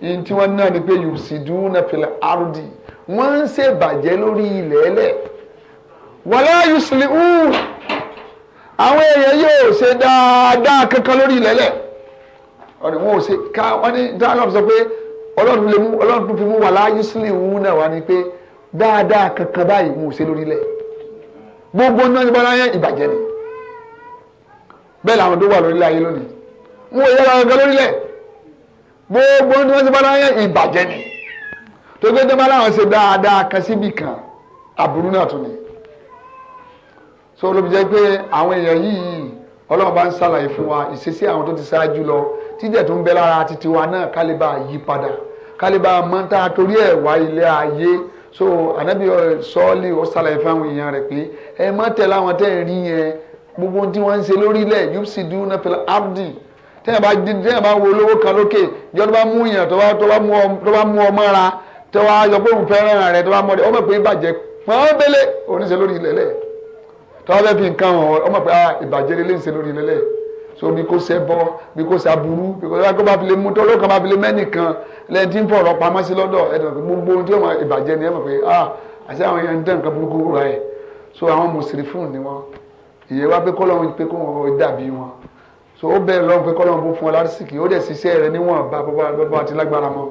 yìí tí wọ́n náà ni pé yóò sì dùn náà fìlẹ̀ àrùdì wọ́n ń ṣèbàjẹ́ lórí ilẹ̀ ẹlẹ̀ wọlé yusuf àwọn èèyàn yóò ṣe dáadáa kankan lórí ilẹ̀ ẹlẹ̀ ọ̀nà wọn ò ṣe ká wọ́n ní dáhùn sọ pé ọlọ́run lè mú ọlọ́run fi mú wàlá yusuf náà wá ni pé dáadáa kankan báyìí wọn ò ṣe lórí ilẹ̀ gbogbo náà ní bọ́lá yẹn ìbàjẹ́ ni bẹ́ẹ̀ làwọn tó wà lórí ayé lónìí wọn ò yára ọ̀gá lórílẹ̀ gbogbo ní wọ́n ti bá láyé ìbàjẹ́ ni tó gbé dẹ́gbẹ́ láwọn ṣe dáadáa kan síbì kan àbúrú náà tún ni so olóbi jẹ́ pé àwọn èèyàn yìí ọlọ́run bá ń ṣàlàyé fún wa ìṣesí àwọn tó ti ṣáájú lọ títẹ̀ tó ń bẹ lára títí wa náà kálíbà yí padà kálíbà mọ́ta torí ẹ̀ wá ilé ayé so ànábì sọ́ọ́lì ó ṣàlàyé fáwọn èèyàn rẹ̀ pé ẹ má tẹ̀lé àwọn tẹ́ ẹ̀ rí yẹn gbogbo tí wọ́n ń ṣe lórílẹ̀ yóò sì dúró náà pẹ̀lú abdi tẹ́yìn bá di tẹ́yìn bá wo olówó kan lókè jọ tó bá mú yàn tó bá mú ọmọ ra tó bá yọ pé òun fẹ́ràn rẹ tó bá mọ̀ ọ́ mọ̀ pé ìbàjẹ́ pọ́nbélé oníṣẹ́ lórí ilẹ̀ lẹ̀ tó bá fẹ́ fi nǹkan hàn ọ́ mọ̀ pé ah, ìbàjẹ́ lélẹ́ ń ṣe lórí ilẹ̀ lẹ̀ so bí kò ṣe bọ́ bí kò ṣe aburú bí kò ṣe bá fi lè mú tọ́lọ́ kan bá fi lè mẹ́nìkan lẹ́yìn tí ń fọ̀rọ̀ pamọ́ sí lọ́dọ̀ ẹ̀dọ̀ gbogbo ohun tí ah àti àwọn èèyàn ń tẹ̀ nǹkan burúkú rà ẹ̀ so àwọn mùsùlùmí fún ni wọn ìyẹn wá pé kọ́lọ́run pé kó wọn dàbí wọn so ó bẹ̀rẹ̀ lọ́wọ́ pé kọ́lọ́mù bó fún ọ lásìkò ó dẹ̀ ṣiṣẹ́ rẹ níwọ̀n bá bọ́bá àti lágbára mọ́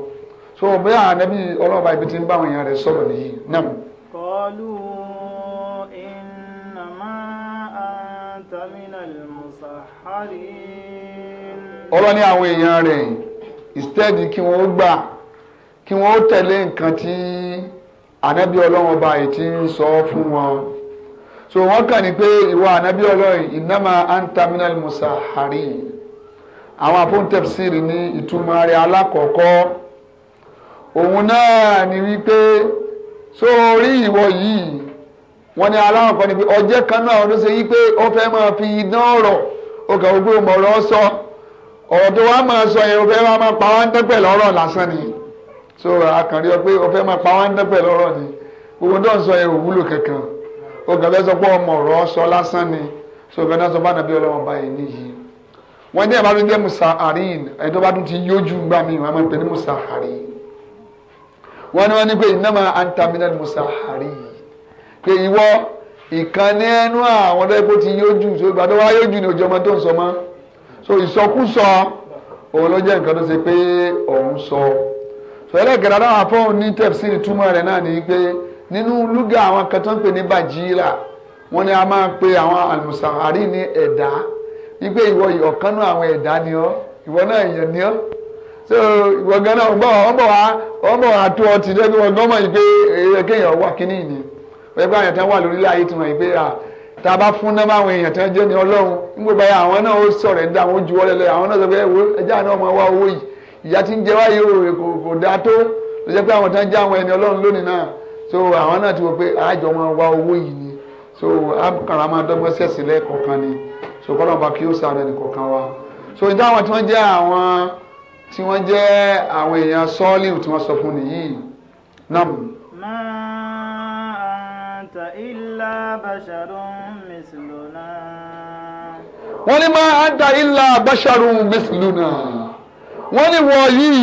so bóyá ànábì ọlọ́run bá ibi tí ń bá àwọn èèyàn rẹ̀ sọ̀rọ̀ nìyí náà. kọlu ìnàmá àtàmínà mùsàárì. ọlọ́ ní àwọn èèyàn rẹ̀ instead kí wọ́n gbà kí wọ́n tẹ̀lé nǹkan tí ànábì ọlọ́run ọba yìí ti ń sọ fún wọn so wọ́n kàn ní pé ìwà ànábí ọlọ́run ìnáma antaminal musahari àwọn àpóntẹ́psìrì ní ìtumọ̀ rẹ̀ alákọ̀ọ́kọ́ òun náà ni wípé sórí ìwọ yìí wọ́n ní aláwọ̀kọ́ ni pé ọjẹ́ kan náà ló ṣe wípé ó fẹ́ máa fi iná ọ̀rọ̀ ó kà wípé ó mọ̀ọ́rọ̀ sọ ọ̀rọ̀ tó wá máa sọ yẹn ó fẹ́ máa pa wá ń tẹ́pẹ̀ lọ́rọ̀ lásán ni so àkànrí ọ pé ó fẹ́ máa pa wá ń tẹ́pẹ̀ lọ́rọ̀ ni gbogbo náà sọ yẹn ò wúlò kankan ogun bẹ́ẹ̀ sọ pé ọmọ ọ̀rọ̀ sọ lásán ni so ogun náà sọ bá nàbí ọlọ́wọ́n báyìí níyì wọ́n ní ẹ̀bá tó jẹ́ musaharin ẹni tó bá tún ti yójú gbà mí wọ́n máa ń pè ní musaharin wọ́n ní wọ́n ní pé ìnáma antaminal musaharin pé ìwọ ìkànnì ẹnu àwọn ọlọ́ẹ̀kọ́ ti yójú so ìgbà tó wá yójú ni òjò ọmọ tó ń sọ mọ́ so ìsọkúsọ òun ló jẹ́ nǹkan tó ṣe pé òun sọ so ẹlẹ́gẹ̀rẹ́ aláwọ̀ afọ́ ní tẹ̀síìrì túmọ̀ rẹ̀ náà ní pé nínú lúgà àwọn kan tó ń pè ní bàjírà wọ́n ní a máa pe àwọn àlùmùsàárì ní ẹ̀dá wípé ìwọ ìyọ̀kánú àwọn ẹ̀dá ni ọ́ ìwọ náà èèyàn ni ọ́ so ìwọ gan náà ọgbọ́n ọmọ wa ọmọ àtú ọtí lẹ́nu ọgbọ́n mọ̀ yìí pé èèyàn kéèyàn wà kíní ìní ọjọ́ pé àyàn tán wà lórílẹ̀ ayé tí wọ́n yìí pé à tá a bá fún náà máwọn èèyàn tán jẹ́ ní ọlọ́run nígbà báyà àwọn náà ó sọ̀rọ̀ ẹ̀dá àwọn ojú ọlẹ́lẹ̀ àwọn náà sọ pé ẹjẹ́ àná ọmọ wa owó yìí ìyá tí ń jẹ wáyé kò dáa tó lọ́jọ́ pé àwọn tán já àwọn ẹni ọlọ́run lónìí náà so àwọn náà ti wọ pé àjọ máa wá owó yìí ni so àkàrà máa dọ́gbọ́n sẹ̀sì lẹ́ẹ̀kọ̀ọ̀kan ni so kọ́nà bá kí ó sàrẹ̀ nìkọ̀ọ̀kan wa so ìdá àwọn tí wọ́n jẹ́ àwọn tí wọ́n jẹ́ àwọn èèyàn sọ́ọ́lì tí wọ́n sọ fún nìyí náà. máa ta ilá bàṣàrún mìsìlónà. wọ́n ní máa ta ilá bàṣàrún mìsìlónà wọ́n ní yìí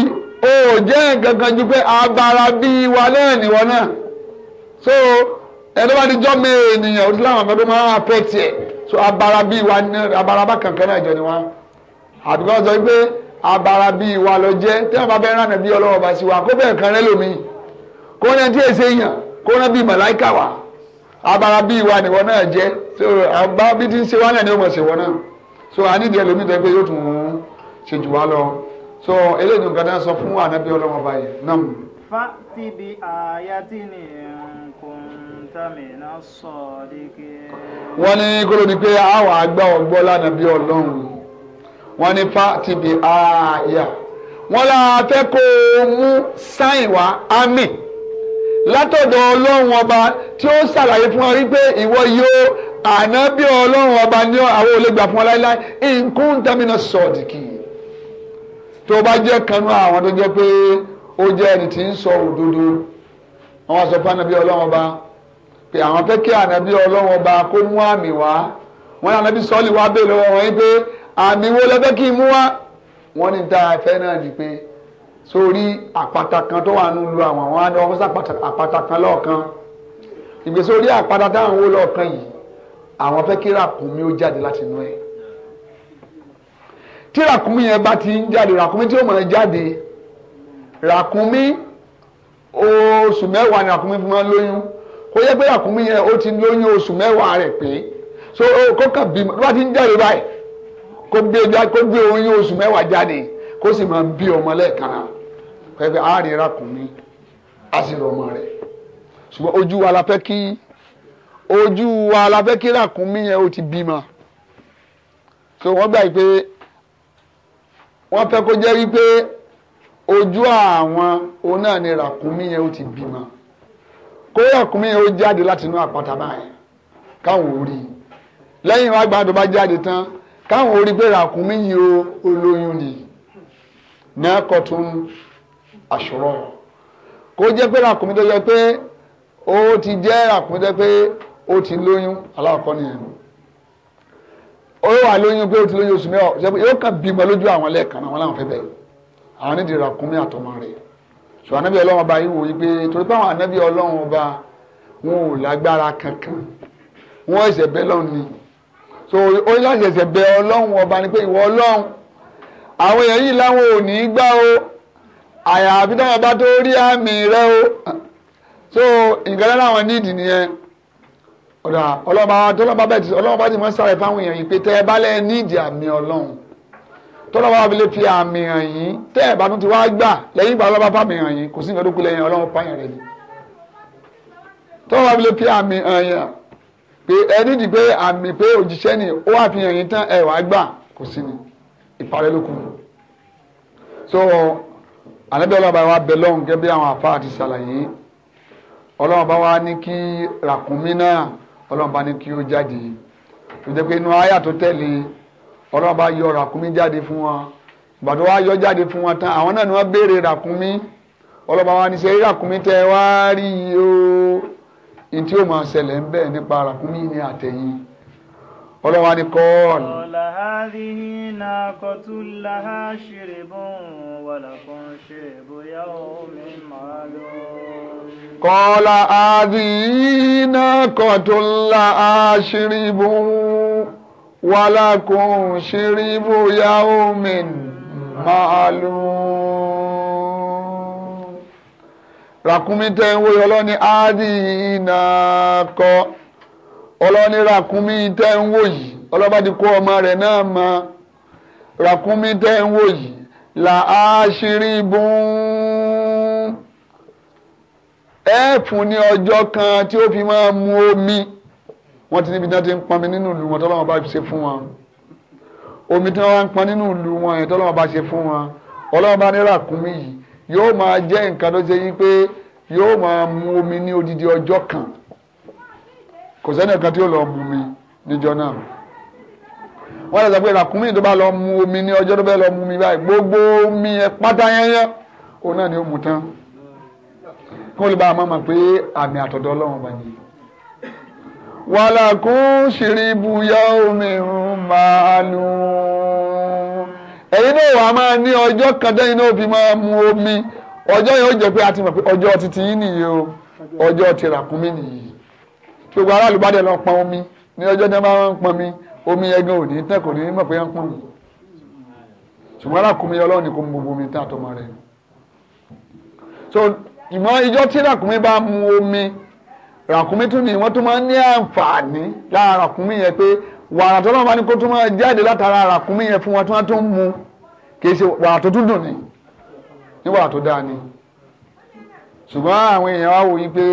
ò jẹ́ gangan ju pé abara bíi wa náà nìwọ náà. so ẹni wá ní jọ́mi ènìyàn ojú láwọn kan tó máa pẹ́ tiẹ̀ so abara bíi wa ní abara bá kankan náà jọ ni wọn àbíkọ́ sọ pé abara bíi wa lọ jẹ́ tí wọ́n bá bẹ́ẹ̀ rànà bí ọlọ́wọ́ bá sí wa kó bẹ́ẹ̀ kan rẹ́ lómi kó rẹ́ tí èsè yàn kó rẹ́ bíi màláìkà wa abara bíi wa nìwọ náà jẹ́ so àbá bí ti ń ṣe wá náà ni ó mọ̀ ṣe wọ́n náà so ànídìí ẹlòmí tó pé yóò tún ṣe jù wá lọ so eléyìí nǹkan náà sọ fún ànábì ọlọ́wọ́ báyìí náà. fáti bíi àyà tí nìyẹn wọ́n ní kúrò ní pé àwọn àgbà ọ̀gbọ́ lánàá bí ọlọ́run wọ́n ní fáti bí ààyà wọ́n lára fẹ́ kó o mú sáìn wá ámì látọ̀dọ̀ ọlọ́run ọba tí ó ṣàlàyé fún ọ wípé ìwọ yóò ànábì ọlọ́run ọba ní àwọn olóògbà fún ọ láéláé nǹkan ń tẹ́mínà sọ̀dìkì tó bá jẹ́ kanú àwọn tó jẹ́ pé ó jẹ́ ẹni tí ń sọ òdodo wọ́n wá sọ fún ànábì ọlọ́run ọba pé àwọn fẹ́ kí ànábì ọlọ́wọ́ bá kó mú àmì wá wọ́n ní ànábì sọ́ọ̀lì wá bẹ́ẹ̀ lọ́wọ́ wọn pé àmì wo lẹ́fẹ́ kí n mú wá wọ́n ní tá a fẹ́ náà ni pé sórí àpáta kan tó wà nílùú àwọn àwọn adọ́wọ́ sá àpáta kan lọ́ọ̀kan ìgbésí orí àpáta táwọn wó lọ́ọ̀kan yìí àwọn fẹ́ kí ràkúnmí ó jáde láti inú ẹ̀ tí ràkúnmí yẹn bá ti ń jáde ràkúnmí tí ó máa jáde ràkúnmí oṣù mẹ́wàá ni ràkúnmí fi máa lóyún ó yẹ pé ràkúnmí yẹn ó ti lóyún oṣù mẹ́wàá rẹ̀ pé so kó kàn bímọ tó bá ti ń jáde báyìí kó gbé e kó gbé oyún oṣù mẹ́wàá jáde kó sì máa bí ọmọ lẹ́ẹ̀kan pẹ̀lú àárín ràkúnmí á sì rọ ọmọ rẹ̀ ṣùgbọ́n ojú wa la fẹ́ kí ojú wa la fẹ́ kí ràkúnmí yẹn ó ti bímọ so wọ́n gbà pé wọ́n fẹ́ kó jẹ́ wípé ojú àwọn òun ni ràkúnmí yẹn ó ti bímọ kó ọkùnrin ó jáde láti inú àpáta báyìí káwọn ò rí i lẹ́yìn wá gbàdúrà bá jáde tán káwọn ò rí pé ràkúnmí yìí ó olóyún ni náà kọ́ tó ń àṣọrọ̀ kó jẹ́ pé ràkúnmí tó yẹ pé ó ti jẹ́ ràkúnmí tó yẹ pé ó ti lóyún aláwọ̀kọ́ nìyẹn ó wà lóyún pé ó ti lóyún oṣù mẹ́wàá yóò kàn bímọ lójú àwọn lẹ́ẹ̀kan àwọn làwọn fẹ́ bẹ̀rẹ̀ àwọn nídìí ràkúnmí àtọmọ rẹ̀ so ànábì ọlọ́run ọba yìí wò yí pé torí pé àwọn ànábì ọlọ́run ọba wọn ò lágbára kankan wọn ẹsẹ̀ bẹ́ẹ̀ lọ́run ni so ó láti ẹsẹ̀ bẹ ọlọ́run ọba ni pé ìwọ ọlọ́run àwọn èèyàn yìí láwọn ò ní í gbá o àyàfi táwọn bá tó rí àmì rẹ o so nǹkan lára àwọn níìdì nìyẹn ọ̀dà ọlọ́ba tó lọ́ba bẹ́ẹ̀ ti ọlọ́ba ti mọ́ sáré fáwọn èèyàn yìí pé tẹ́ ẹ bá lẹ́ níìdì àmì ọlọ́run tọ́lọ́wọ́ abilé fi àmì hàn yín tẹ́ ẹ̀ bá tún ti wá gbà lẹ́yìn ìgbà ọlọ́ba fàmì hàn yín kò sí ìyọdún kulẹ̀ yẹn ọlọ́run pààyàn rẹ̀ ni tọ́lọ́wọ́ abilé fi àmì hàn yín pé ẹni dì pé àmì pé òjíṣẹ́ ni ó wà fi hàn yín tán ẹ̀ wá gbà kò sí ni ìparẹ́ ló kù so ànábẹ́ ọlọ́ba wa bẹ lọ́hùn gẹ́gẹ́ bí àwọn àfa àti ṣàlàyé ọlọ́ba wa ní kí ràkúnmí náà ọlọ́ba ní kí ó jáde tó ọlọ́run bá yọ ràkúnmí jáde fún wọn ìgbà tó wá yọ jáde fún wọn tán àwọn náà ni wọ́n béèrè ràkúnmí ọlọ́ba wa ní ṣe ràkúnmí tẹ́ wá rí i o ní tí ó máa ṣẹlẹ̀ ń bẹ̀ nípa ràkúnmí ní àtẹ̀yìn ọlọ́wà ní kọ́ọ̀lù. kọ́ọ̀lá àdìyí náà kọ̀tún láà ṣírí bùn ولكم شريب يوم معلوم ràkúnmí tẹ́ ń wòye ọlọ́ni àádìínà kọ ọlọ́ni ràkúnmí tẹ́ ń wòyí ọlọ́ba ti kó ọmọ rẹ̀ náà mọ ràkúnmí tẹ́ ń wòyí là á ẹ̀ fún ní ọjọ́ kan tí ó fi máa mu omi wọ́n ti níbi dáńtí ń pọnmi nínú ìlú wọn tọ́lọ́wọ́n bá ṣe fún wọn omi tí wọ́n ń pọn nínú ìlú wọn yẹn tọ́lọ́wọ́n bá ṣe fún wọn ọlọ́wọ́n bá ní ràkúnmí yìí yóò máa jẹ́ nǹkan tó ṣe yí pé yóò máa mu omi ní odidi ọjọ́ kan kò sẹ́nìkan tí ó lọ mu mi níjọ náà wọ́n lè sọ pé ràkúnmí tó bá lọ mu omi ní ọjọ́ tó bá lọ mu mi báyìí gbogbo omi yẹn pátá yẹnyẹn òun náà ni ó mu tán kí wọ́n lè bá a máa mọ̀ pé àmì àtọ̀dọ̀ ọlọ́run bá yìí wàlàkú ṣìrìbù yá omi máa lù ẹ̀yin náà wàá máa ní ọjọ́ kan dẹ́yìn náà fi máa mu omi ọjọ́ yẹn ó jẹ́ pé a ti mọ̀ pé ọjọ́ títí yín nìyí o ọjọ́ ti ràkúnmí nìyí gbogbo aráàlú bá dẹ̀ lọ pọn omi ní ọjọ́ náà máa ń pọn mi omi ẹgan ò ní tẹ́ kò ní mọ̀ pé ń pọn mi ṣùgbọ́n ràkúnmí ọlọ́run ni kò mú gbogbo omi tá a tọmọ rẹ̀ so ìmọ̀ ìjọ tí ràkúnmí bá mu omi ràkúnmí tún ni wọ́n tún máa ń ní àǹfààní lára ràkúnmí yẹn pé wàrà tó lọ́wọ́ bá ní kó tún máa jáde látara ràkúnmí yẹn fún wọn tí wọ́n tún mu kì í ṣe wàrà tó tún dùn ni ní wàrà tó dáa ni ṣùgbọ́n àwọn èèyàn wá wòye pé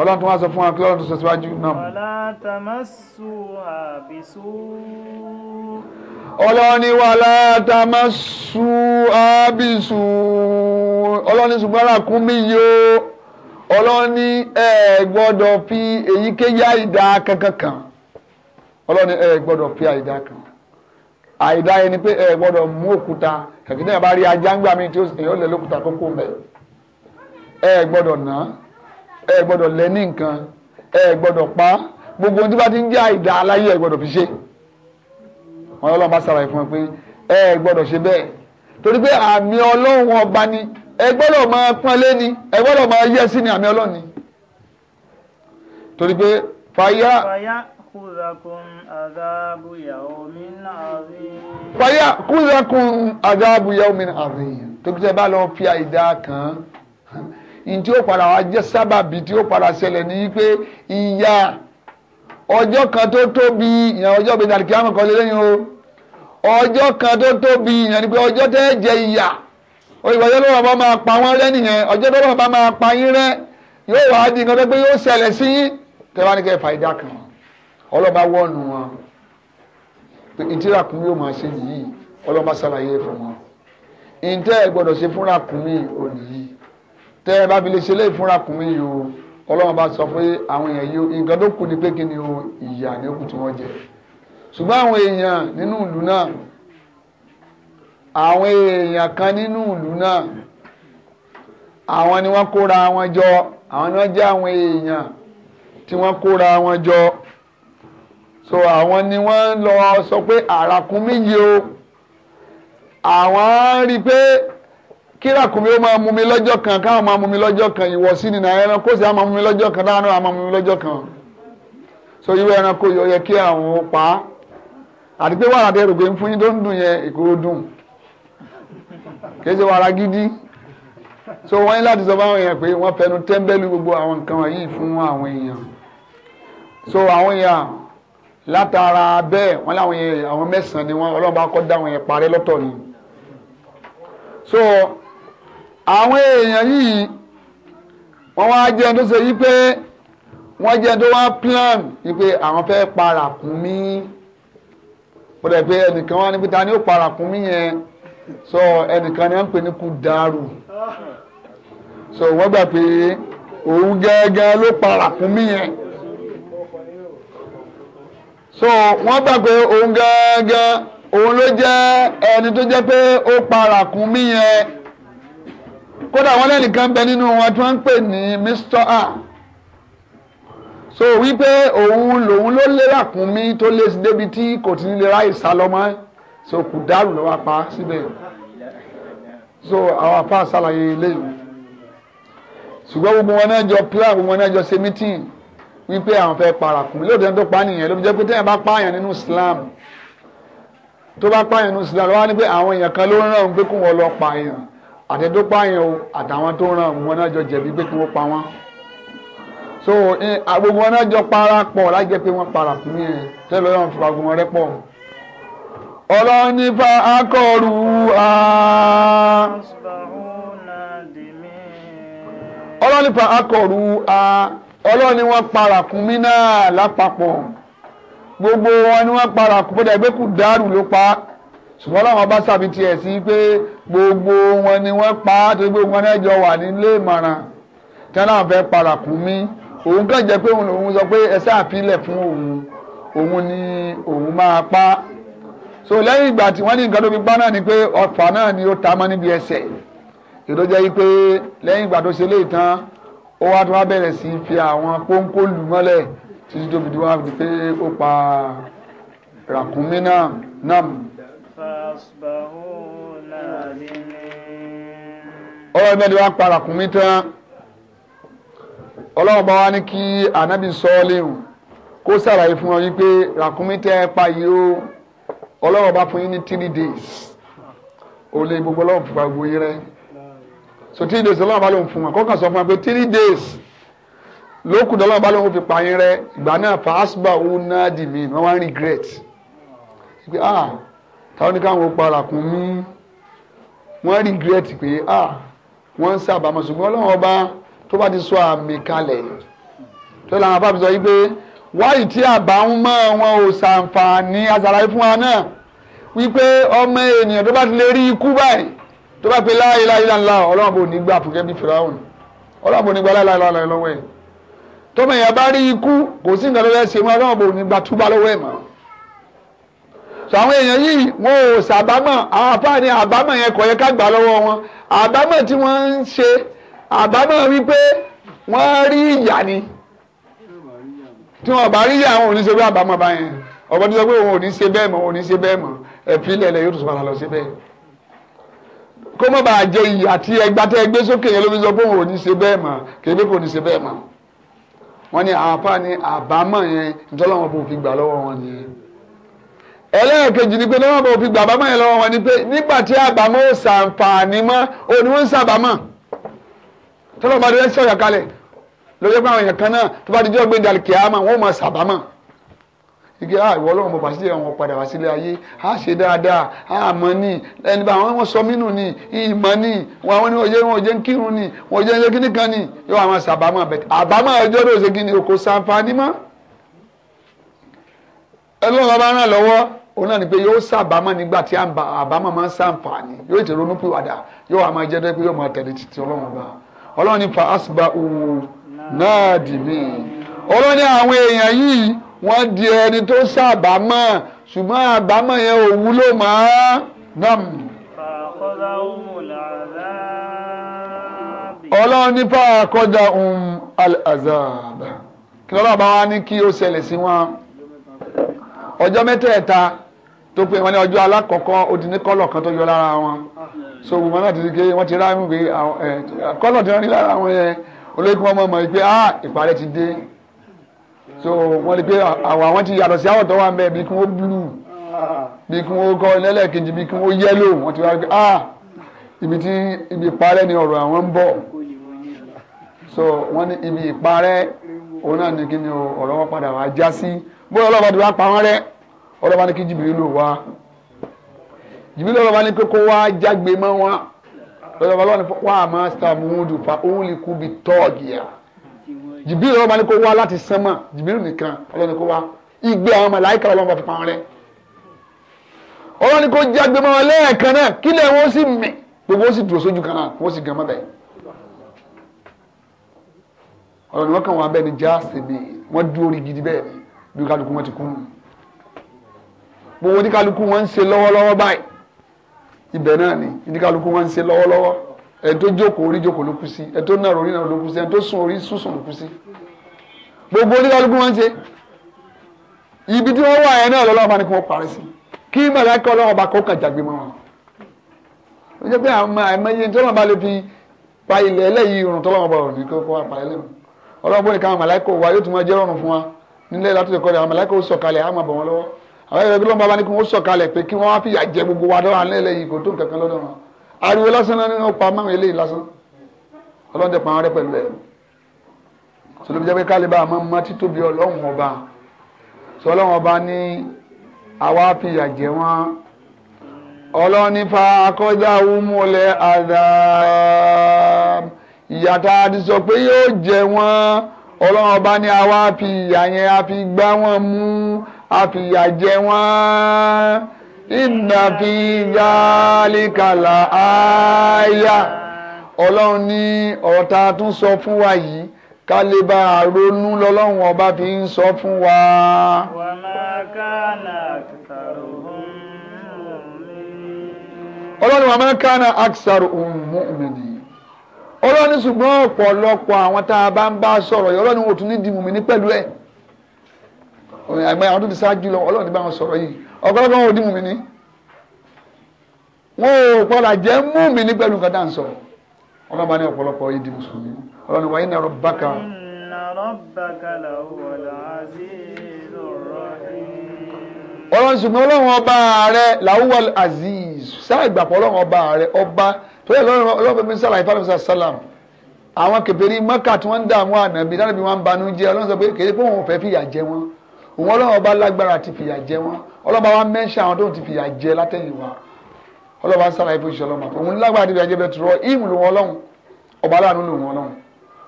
ọlọ́run tó wá sọ fún wa pé ọlọ́run tó sọ síwájú náà. wàlá tamassu àbísú. ọlọ́ni wàlá tamassu àbísú ọlọ́ni ṣùgbọ́n ràkúnmí yóò ọlọ́ni ẹ gbọ́dọ̀ fi èyíkéyìí àìdá kankan kan ọlọ́ni ẹ gbọ́dọ̀ fi àìdá kan àìdá ẹni pé ẹ gbọ́dọ̀ mú òkúta kàkí náà bá rí ajá ń gbà mí tí ó sì yọ lẹ lókúta tó kó mẹ ẹ gbọ́dọ̀ ná ẹ gbọ́dọ̀ lẹ ní nǹkan ẹ gbọ́dọ̀ pa gbogbo ohun tí bá ti ń jẹ àìdá aláyé ẹ gbọ́dọ̀ fi ṣe wọn Ọlọ́run bá ṣàlàyé fún ẹ pé ẹ gbọ́dọ̀ ṣe bẹ́ẹ̀ torí pé àmì Ọlọ́run ọba ni ẹ gbọ́dọ̀ máa pọ́nlé ni ẹ gbọ́dọ̀ máa yẹ́ sí ni àmì ọlọ́ni torí pé fàyà fàyà kúzakùn àdáàbù yawmin àríyàn tó kí tẹ́ bá lọ fi àìdá kan ní tí ó padà wá jẹ́ sábàbí tí ó padà ṣẹlẹ̀ ní pé ìyá ọjọ́ kan tó tóbi ìyẹn ọjọ́ bíi dàdìkì àmọ̀kọ́ lélẹ́yìn o ọjọ́ kan tó tóbi ìyẹn ni pé ọjọ́ tẹ́ jẹ ìyà ìwọ̀yẹ́ lọ́wọ́ bá máa pa wọ́n rẹ́ nìyẹn ọjọ́ lọ́wọ́ bá máa pa yín rẹ́ yóò wá di nǹkan tó pé yóò ṣẹlẹ̀ sí yín tẹ́wá ní kẹ́ fàyídà kan ọlọ́ba wọ́ọ̀nù wọn pé ìtìrà kún yóò máa ṣe yìí ọlọ́ba ṣàlàyé fún wọn ìǹtẹ́ ẹ̀ gbọ́dọ̀ ṣe fúnra kún mi ò nìyí tẹ́ ẹ bá fi lè ṣe lé ìfúnra kún mi yìí o ọlọ́run bá sọ pé àwọn èèyàn yìí nǹkan tó kù ni pé kí ni o ìyà ni ó kù tí wọ́n jẹ ṣùgbọ́n àwọn èèyàn nínú ìlú náà àwọn èèyàn kan nínú ìlú náà àwọn ni wọ́n kóra wọn jọ àwọn ni wọ́n jẹ́ àwọn èèyàn tí wọ́n kóra wọn jọ so àwọn ni wọ́n lọ sọ pé àràkún méje o àwọn rí i pé kírakùnmí ó máa mú mi lọ́jọ́ kan káwọn máa mú mi lọ́jọ́ kan ìwọ̀sí nínú ẹran kó sì á máa mú mi lọ́jọ́ kan dáhùn náà á máa mú mi lọ́jọ́ kan so irú ẹranko yóò yẹ kí àwọn ó pa á àti pé wàhálà tẹ rògbé fún yín tó ń dùn yẹn ìkóró dùn kéde wàrà gidi so wọ́n ní láti sọ fáwọn èèyàn pé wọ́n fẹnu tẹ́ńbẹ́lú gbogbo àwọn nǹkan wọ̀nyí fún àwọn èèyàn so àwọn èèyàn látara bẹ́ẹ̀ wọ́n láwọn èèyàn àwọn mẹ́sàn-án ni wọ́n ọlọ́run bá kọ́ dá àwọn èèyàn parẹ́ lọ́tọ̀ ni so àwọn èèyàn yìí wọ́n wá jẹ́ tó ṣe yí pé wọ́n jẹ́ tó wá plan yí pé àwọn fẹ́ para kùn mí ó dẹ̀ pé ẹnìkan wá ní pé ta ni ó para mí yẹn so ẹnìkan ni wọ́n ń pè ní Kudaru so wọ́n gbà pé òun gẹ́gẹ́ ló para fún mí yẹn so wọ́n gbà pé òun gẹ́gẹ́ òun ló jẹ́ ẹni tó jẹ́ pé ó para fún mí yẹn kódà wọ́n lẹ́nìkan bẹ nínú wọn tí wọ́n ń pè ní Mr. A so wípé òun lòun ló lé ràkúnmí tó lé sí débi tí kò ti ní lè ráyè sálọ mọ́ so kù dárù lọ́wọ́ apá síbẹ̀ so àwọn apá àṣàlàyé eléyìí ṣùgbọ́n gbogbo wọn náà jọ plan gbogbo wọn náà jọ ṣe meeting wípé àwọn fẹ́ para kùn lóòótọ́ tó pa nìyẹn ló fi jẹ́ pé téèyàn bá pààyàn nínú Islam tó bá pààyàn nínú Islam ló wá ní pé àwọn èèyàn kan ló ń ràn pé kí wọ́n lọ pààyàn àtẹ̀tó pààyàn o àtàwọn tó ràn wọn náà jọ jẹ̀bi pé kí wọ́n pa wọ́n so gbogbo wọn náà jọ para pọ̀ láì jẹ́ pé wọ́n para kùn yẹn tẹ́lẹ̀ lọ́wọ́ fún agbọ̀n rẹ pọ̀ ọlọ́run nípa akọrù a. ọlọ́run nípa akọrù a ọlọ́run ni wọ́n parakùnmí náà lápapọ̀ gbogbo wọn ni wọ́n parakùn bó dẹ̀ gbé kù dàrú ló pa ṣùgbọ́n láwọn bá sàbí tiẹ̀ sí pé gbogbo wọn ni wọ́n pa á tó gbogbo wọn ẹjọ́ wà nílé ìmọ̀ràn tí wọ́n náà fẹ́ parakùnmí òun kàn jẹ́ pé òun sọ pé ẹ sáà pílẹ̀ fún òun òun ni òun máa pa á so lẹ́yìn ìgbà tí wọ́n ní nǹkan tó fi gbá náà ni pé ọ̀fà náà ni ó ta mọ́ níbi ẹsẹ̀ ètò jẹ́ pé lẹ́yìn ìgbà tó ṣe lé ìtàn ó wá tó wá bẹ̀rẹ̀ sí fi àwọn pọ́ńkó lù mọ́lẹ̀ títí tó fi di wá di pé ó pa ràkúnmí náà náà. ọ̀rọ̀ ìbẹ̀lẹ̀ wá pa ràkúnmí tán ọlọ́run bá wá ní kí ànábì sọ́ọ́lẹ́hùn kó sàlàyé fún wọn wípé ràkúnmí tẹ́ pa yìí ó ọlọ́run bá fún yín ní three days ó lé gbogbo ọlọ́run fún gbogbo yín rẹ so three days ọlọ́run bá lóun fún wọn kọ́kàn sọ fún wọn pé three days lókùn ọlọ́run bá lóun fi pa yín rẹ ìgbà náà fàásùbà ó ná dì mí wọ́n wá ń regret pé ah táwọn oníkàwọn para kún mí wọ́n regret pé ah wọ́n ń sábà mọ̀ ṣùgbọ́n ọlọ́run ọba tó bá ti sọ àmì kalẹ̀ tó làwọn bá mi sọ pé wáyì tí àbá ń mọ wọn ò ṣàǹfààní aṣàlàyé fún wa náà wípé ọmọ ènìyàn tó bá ti lè rí ikú báyìí tó bá pe láyé láyé láńlá ọlọ́run bò ní gbà fún kẹ́bí fìràwùn ọlọ́run bò ní gbà láyé láńlá lọ́wọ́ ẹ̀ tọ́mọ èèyàn bá rí ikú kò sí nǹkan tó fẹ́ ṣe mọ́ ọlọ́run bò ní gbà túbà lọ́wọ́ ẹ̀ mọ́ sọ àwọn èèyàn yìí wọn ò ṣàbámọ̀ àwọn àfáà àbámọ̀ yẹn kò yẹ ká gbà lọ́wọ́ wọn àbámọ̀ tí wọ́n ń ṣe àbámọ̀ wípé wọ́n rí ìyà ni tí wọn bá rí yà àwọn oníṣẹ́ bí àbámọ̀ bá yẹn ọ̀bọ̀n ti sọ pé òun ò ní ṣe bẹ́ẹ̀ mọ̀ òun ò ní ṣe bẹ́ẹ̀ mọ̀ ẹ̀fín lẹ̀lẹ̀ yóò tún padà lọ sí bẹ́ẹ̀ kó má bàa jẹ ìyà àti ẹgbà tẹ gbé sókè yẹn ló fi sọ pé òun ò ní ṣe bẹ́ẹ̀ mọ̀ kébé kò ní ṣe bẹ́ẹ̀ mọ̀ wọ́n ní àwọn apá àbámọ̀ yẹn ìtọ́lọ́wọ́n bò fi gbà lọ́wọ́ wọn nìyẹn ẹlẹ́ẹ̀kejì ni pé lọ́wọ́ bò fi gbà àbámọ̀ yẹn lọ́wọ́ wọn ni pé nígbà tí àbámọ̀ ò ṣàǹfààní mọ́ òun ni wọ́n ń ṣàbámọ̀ tọ́lọ́ lórí pé àwọn èèyàn kan náà tó bá di jọ́ gbẹ̀dẹ̀ àlùkìyámà wọ́n máa sàbámà ike ah ìwọ ọlọ́run mo bà sílẹ̀ àwọn padà wá sílẹ̀ ayé a ṣe dáadáa a mọ̀ ní ẹni bá wọn sọ mí nù ní ìmọ̀ ní wọn àwọn oníwọ̀n jẹ́ wọn jẹ́ ń kírun ní wọn jẹ́ ń ṣe kíní kan ní yóò àwọn sàbámọ̀ bẹ̀tẹ̀ àbámọ̀ ẹjọ́ ló ṣe kíní oko sanfani mọ́ ẹlọ́run bá ràn lọ́wọ́ òun náà ni pé yóò sàbámọ̀ nígbà tí àbámọ̀ máa ń sàǹfààní yóò ètò ronú pìwàdà yóò àwọn ẹjẹ́ dẹ́ pé yóò máa tẹ̀lé títí ọlọ́run bá ọlọ́run ní fa asba òun náà dì mí. olóní àwọn èèyàn yìí wọ́n di ẹni tó ṣàbámọ̀ ṣùgbọ́n àbámọ̀ yẹn ò wúlò mọ́ náà. ọlọ́run nípa àkọjá ohun um alàzàbà kí lọ́lọ́ bá wá ní kí ó ṣẹlẹ̀ sí wọn ọjọ́ mẹ́tẹ̀ẹ̀ta tó pé wọn ní ọjọ́ alákọ̀ọ́kọ́ ó di ní kan tó yọ lára wọn so gbogbo náà ti di pé wọ́n ti ráyìn pé kọ́lọ̀ tí wọ́n ní lára wọn yẹn olóògùn wọn mọ̀ pé ah ìparẹ́ ti dé so wọ́n lè pé àwọn àwọn ti yàtọ̀ sí àwọ̀ tó wà ń bẹ̀ bí kí wọ́n blue bí kí wọ́n kọ́ lẹ́lẹ́kejì bí kí wọ́n yellow wọ́n ti wá pé ah ibi tí ibi ìparẹ́ ni ọ̀rọ̀ àwọn ń bọ̀ so wọ́n ní ibi ìparẹ́ òun náà ní kí ni ọ̀rọ̀ wọn padà wá já sí bóyá ọlọ́ba ti wá pa wọ́n rẹ́ ọlọ́ba ní kí jìbìrì lò wá jìbìrì ọlọ́ba ní kókó wá jágbe mọ́ wọn lọ́dọ̀ ọlọ́run ni wọ́n á máa sá múdù fa òun lè kú bi tọ́ọ̀gì yà jìbìrì ọlọ́run ni kò wá láti sánmà jìbìrì nìkan ọlọ́run ni kò wá igbe àwọn màláìka ọlọ́run bá fi pa wọn rẹ́ ọlọ́run ni kò jẹ́ agbèmọ̀ wọn lẹ́ẹ̀kan náà kílẹ̀ wọn sì mì gbogbo wọn sì dúró sójú kan náà wọn sì gan mọ́bẹ̀ ọlọ́run ni wọ́n kàn wọ́n abẹ́ ni gidi bẹ́ẹ̀ ni bí kálukú wọn ti kú gbogbo ibẹ̀ náà ni ìdíkàlùkù wọn ń ṣe lọ́wọ́lọ́wọ́ ẹni tó jókòó orí jókòó ló kú sí ẹni tó nàró orí nàró ló kú sí ẹni tó sùn orí sùn sùn ló kú sí gbogbo oníkàlùkù wọn ń ṣe ibi tí wọ́n wà yẹn náà lọ́lọ́wọ́ bá ní kí wọ́n parí sí kí màláìka ọlọ́wọ́ bá kó kàn jàgbé mọ́ wọn. ó jẹ́ pé àwọn àìmọye tí ọlọ́wọ́ bá lè fi pa ilẹ̀ ẹlẹ́yìí irun tọ́lọ́wọ́ bọ̀ àwọn ẹgbẹ́ lọ́nà bàbá ní kí wọ́n sọ̀kalẹ̀ pé kí wọ́n wá fìyà jẹ gbogbo wa dọ́wà lẹ́lẹ́yìn kò tó nǹkan kan lọ́dọ̀ wọn ariwo lásán náà ní ọ̀pá márùn eléyìí lásán ọlọ́dẹ pa àwọn rẹ pẹ̀lú ẹ̀ sọlọ́ bí jẹ́ pé kálíbà àmọ́ mọ́ títóbi ọlọ́run ọba sọ ọlọ́run ọba ní àwa fìyà jẹ wọn ọlọ́nífà akọ́jà umulẹ̀ àdá ìyà tá a ti sọ pé yóò jẹ wọn ọlọ́run ọba ní àwa fi ìyà yẹn a fi gbá wọn mú àfìyà jẹ wọ́n fi yálíkàlà àáyá ọlọ́run ní tún sọ fún wa yìí ká lè bá a ọba fi ń sọ fún wa. ọlọ́run wa máa ń kánà aksaru mu'mini ọlọ́run ṣùgbọ́n ọ̀pọ̀lọpọ̀ àwọn tá a bá ń bá sọ̀rọ̀ yìí ọlọ́run ní ní àgbẹ̀ àwọn tó ti ṣáájú lọ ọlọ́run ti bá wọn sọ̀rọ̀ yìí ọ̀gọ́lọ́gọ́ wọn ò dí mùmíní wọn ò padà jẹ́ mùmíní pẹ̀lú nǹkan tá à ń sọ̀rọ̀ ọlọ́run bá ní ọ̀pọ̀lọpọ̀ yìí di mùsùlùmí ọlọ́run wáyé náà rọ̀bákà. ọlọ́run ṣùgbọ́n ọlọ́run ọba rẹ làwùwal aziz sáà ọlọ́run ọba rẹ ọba tó yẹ lọ́run fẹ́mi àwọn kèfèrí Mẹ́kà tí wọ́n ń dààmú ànábì dáná bí wọ́n ń banú jẹ́ ọlọ́run sọ pé kèé pé òun fẹ́ fìyà jẹ wọ́n òun ọlọ́run ọba lágbára ti fìyà jẹ wọn ọlọ́ba wa mẹ́ṣẹ́ àwọn tó ń ti fìyà jẹ látẹ̀yìn wa ọlọ́ba ń sára ìfúnṣẹ́ ọlọ́run àpò òun lágbára ti fìyà jẹ bẹ́ẹ̀ tùrọ̀ ìmù lòun ọlọ́run ọba aláàánú lòun ọlọ́run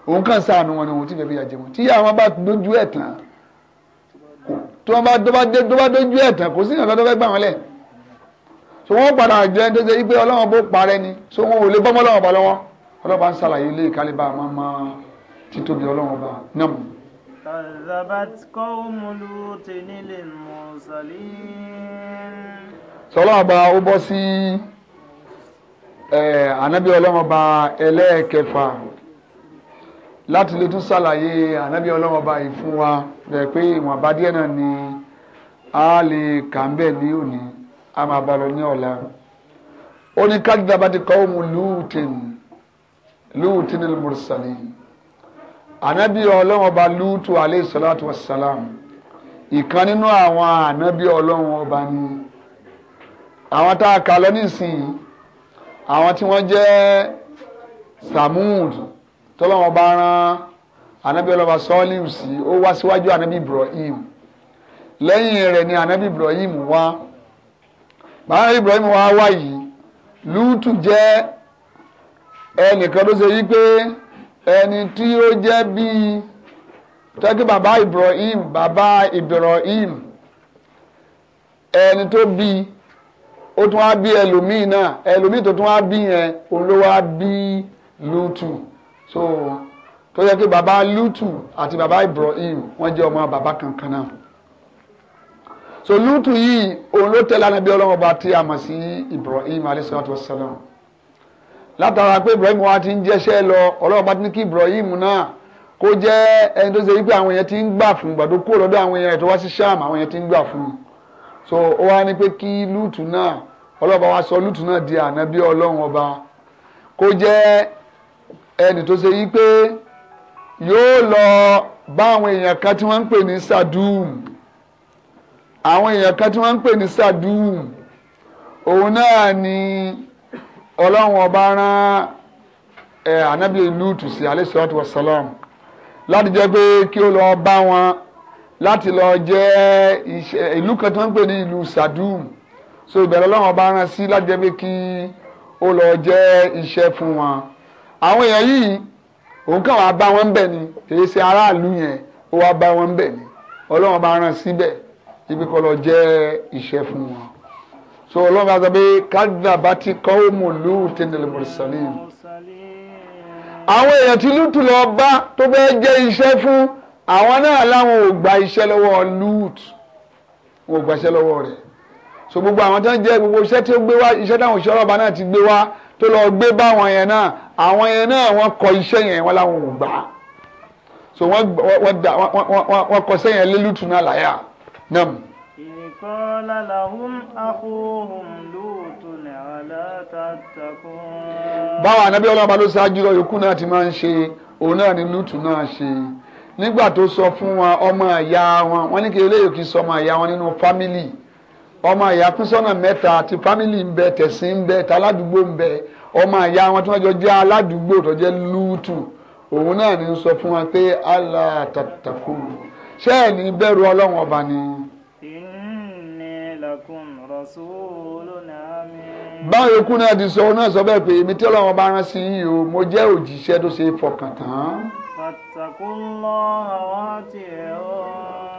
òun kàn sáànù wọn ni òun ti fẹ́ fìyà jẹ wọn tí àwọn bá dojú ẹ̀ tán tó bá dojú ẹ̀ tán kò sí ìrànlọ́dọ́ fẹ́ gbà wọn lẹ̀ so wọ́n padà jẹ́ tó ṣe wípé ọlọ́run bó parẹ́ ni so wọn ò lè bọ́ ọlọ́run ọba lọ́wọ́ ọlọ́ba ń sàlàyé ilé ìkálíbà máa máa títóbi ọlọ́run ọba náà كذبت قوم لوط للمرسلين sọlá ọba ó bọ́ sí ànábì ọlọ́mọba ẹlẹ́ẹ̀kẹfà láti lè tún ṣàlàyé ànábì ọlọ́mọba yìí fún wa bẹ̀rẹ̀ pé ìwọ̀nba díẹ̀ náà ni a lè kà ń bẹ̀ ní òní a máa bá lọ ní ọ̀la ó ní lùtìn lùtìn al ànábì ọlọ́run ọba lútù alayhi salatu wassalam ìkan nínú àwọn ànábì ọlọ́run ọba ni àwọn tá a kà lọ nísìnyí àwọn tí wọ́n jẹ́ samud tọ́lọ́run ọba rán ànábì ọlọ́run ọba sọ́ọ́lìwù sí ó wá síwájú ànábì Ibrahim lẹ́yìn rẹ̀ ni ànábì Ibrahim wá bàbá Ibrahim wá wá yìí lútù jẹ́ ẹnìkan ló ṣe wípé ẹni tí ó jẹ́ bíi tọ́kí bàbá Ibrahim bàbá Ibrahim ẹni tó bíi ó tún wá bí ẹlòmíì náà ẹlòmíì tó tún wá bí yẹn òun ló wá bí Lútù so tó yẹ kí bàbá Lútù àti bàbá Ibrahim wọ́n jẹ́ ọmọ bàbá kankan náà so Lutu yìí òun ló tẹ̀lé ànábì Ọlọ́run tí a mọ̀ sí Ibrahim alayhi salatu wa salam látara pé Ibrahim wa ti ń jẹ́ṣẹ́ lọ ọlọ́run bá ti ní kí Ibrahim náà kó jẹ́ ẹni tó ṣe wípé àwọn èèyàn ti ń gbà fún gbàdó kúrò lọ́dọ̀ àwọn èèyàn rẹ̀ tó wá sí Ṣáàmù àwọn èèyàn ti ń gbà fún so ó wá ní pé kí Lúùtù náà ọlọ́run bá wa sọ Lúùtù náà di ànábí ọlọ́run ọba kó jẹ́ ẹni tó ṣe wípé yóò lọ bá àwọn èèyàn kan tí wọ́n ń pè ní Sadum àwọn èèyàn kan tí wọ́n ń pè ní Sadum òun náà ni ọlọ́run ọba rán ẹ ànábì lúùtù sí alayhi salatu wassalam láti jẹ́ pé kí ó lọ bá wọn láti lọ jẹ́ ìlú kan tó ń pè ní ìlú Sadum so ìbẹ̀rẹ̀ ọlọ́run ọba rán sí láti jẹ́ pé kí ó lọ jẹ́ iṣẹ́ fún wọn àwọn èèyàn yìí òun kàn wá bá wọn bẹ̀ ni kìí ṣe aráàlú yẹn ó wá bá wọn bẹ̀ ni ọlọ́run ọba rán síbẹ̀ ibi kọ́ lọ jẹ́ iṣẹ́ fún wọn so ọlọ́run bá sọ pé kadhabati qawmu Lutin al-mursalin àwọn èèyàn tí lùtù lọ bá tó fẹ́ jẹ́ iṣẹ́ fún àwọn náà láwọn ò gba iṣẹ́ lọ́wọ́ lùtù wọn ò gba iṣẹ́ lọ́wọ́ rẹ̀ so gbogbo àwọn tó ń jẹ́ gbogbo iṣẹ́ tí ó gbé wá iṣẹ́ táwọn òṣìṣẹ́ ọlọ́ba náà ti gbé wá tó lọ gbé bá àwọn yẹn náà àwọn yẹn náà wọ́n kọ iṣẹ́ yẹn wọ́n láwọn ò gbà so wọ́n kọ iṣẹ́ yẹn lé lùtù náà láyà náà. قال لهم أخوهم لوط ألا تتقون báwọn ànábì ọlọ́run bá ló ṣáájú lọ yòókù náà ti máa ń ni lútù náà ṣe nígbà tó sọ fún wa ọmọ ìyá wọn wọn ní kí eléyìí kì í sọ ọmọ ìyá wọn nínú fámìlì ọmọ ìyá pín sọ́nà mẹ́ta ti fámìlì ń bẹ tẹ̀sìn ń bẹ tàládùúgbò ń bẹ ọmọ ìyá wọn tí wọ́n jọ jẹ́ aládùúgbò tó jẹ́ lútù òun náà ni sọ fún wa pé Allah tàtàkùn ṣẹ́ẹ̀ ní bẹ̀rù ọlọ́run ọba ni báyìí kú náà ti sọ náà sọ bẹ́ẹ̀ pé èmi tí Ọlọ́run bá rán sí yìí o mo jẹ́ òjíṣẹ́ tó ṣe é fọkàn tán.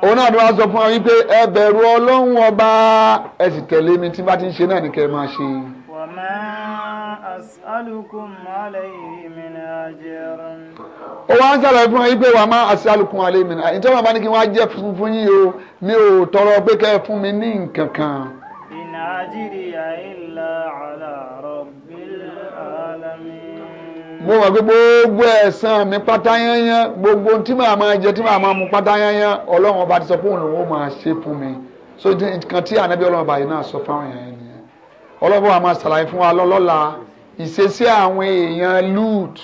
òun náà ló wá sọ fún wa wípé ẹ bẹ̀rù Ọlọ́run ọba ẹ sì tẹ̀lé mi tí bá ti ń ṣe náà ni kẹ́ máa ṣe as'alukum alayhi min ajr. ó wá ń sàlàyé fún yín pé wàá má as'alukum alayhi min ajr ìtọ́wọ́n bá ní kí wọ́n á jẹ́ fún yín o mi ò tọrọ pé kẹ́ ẹ fún mi ní nǹkan kan. in ajriya illa ala rabbil alamin. mo mọ̀ pé gbogbo ẹ̀san mi pátá yányán gbogbo tí màá máa jẹ tí màá máa mu pátá yányán ọlọ́run ọba ti sọ fún òun ó máa ṣe fún mi so nǹkan tí ànábì ọlọ́run ọba yìí náà sọ fáwọn yẹn nìyẹn ọlọ́run wa máa ṣàlàyé fún wa lọ́lọ́la ìṣesí àwọn èèyàn lúùtù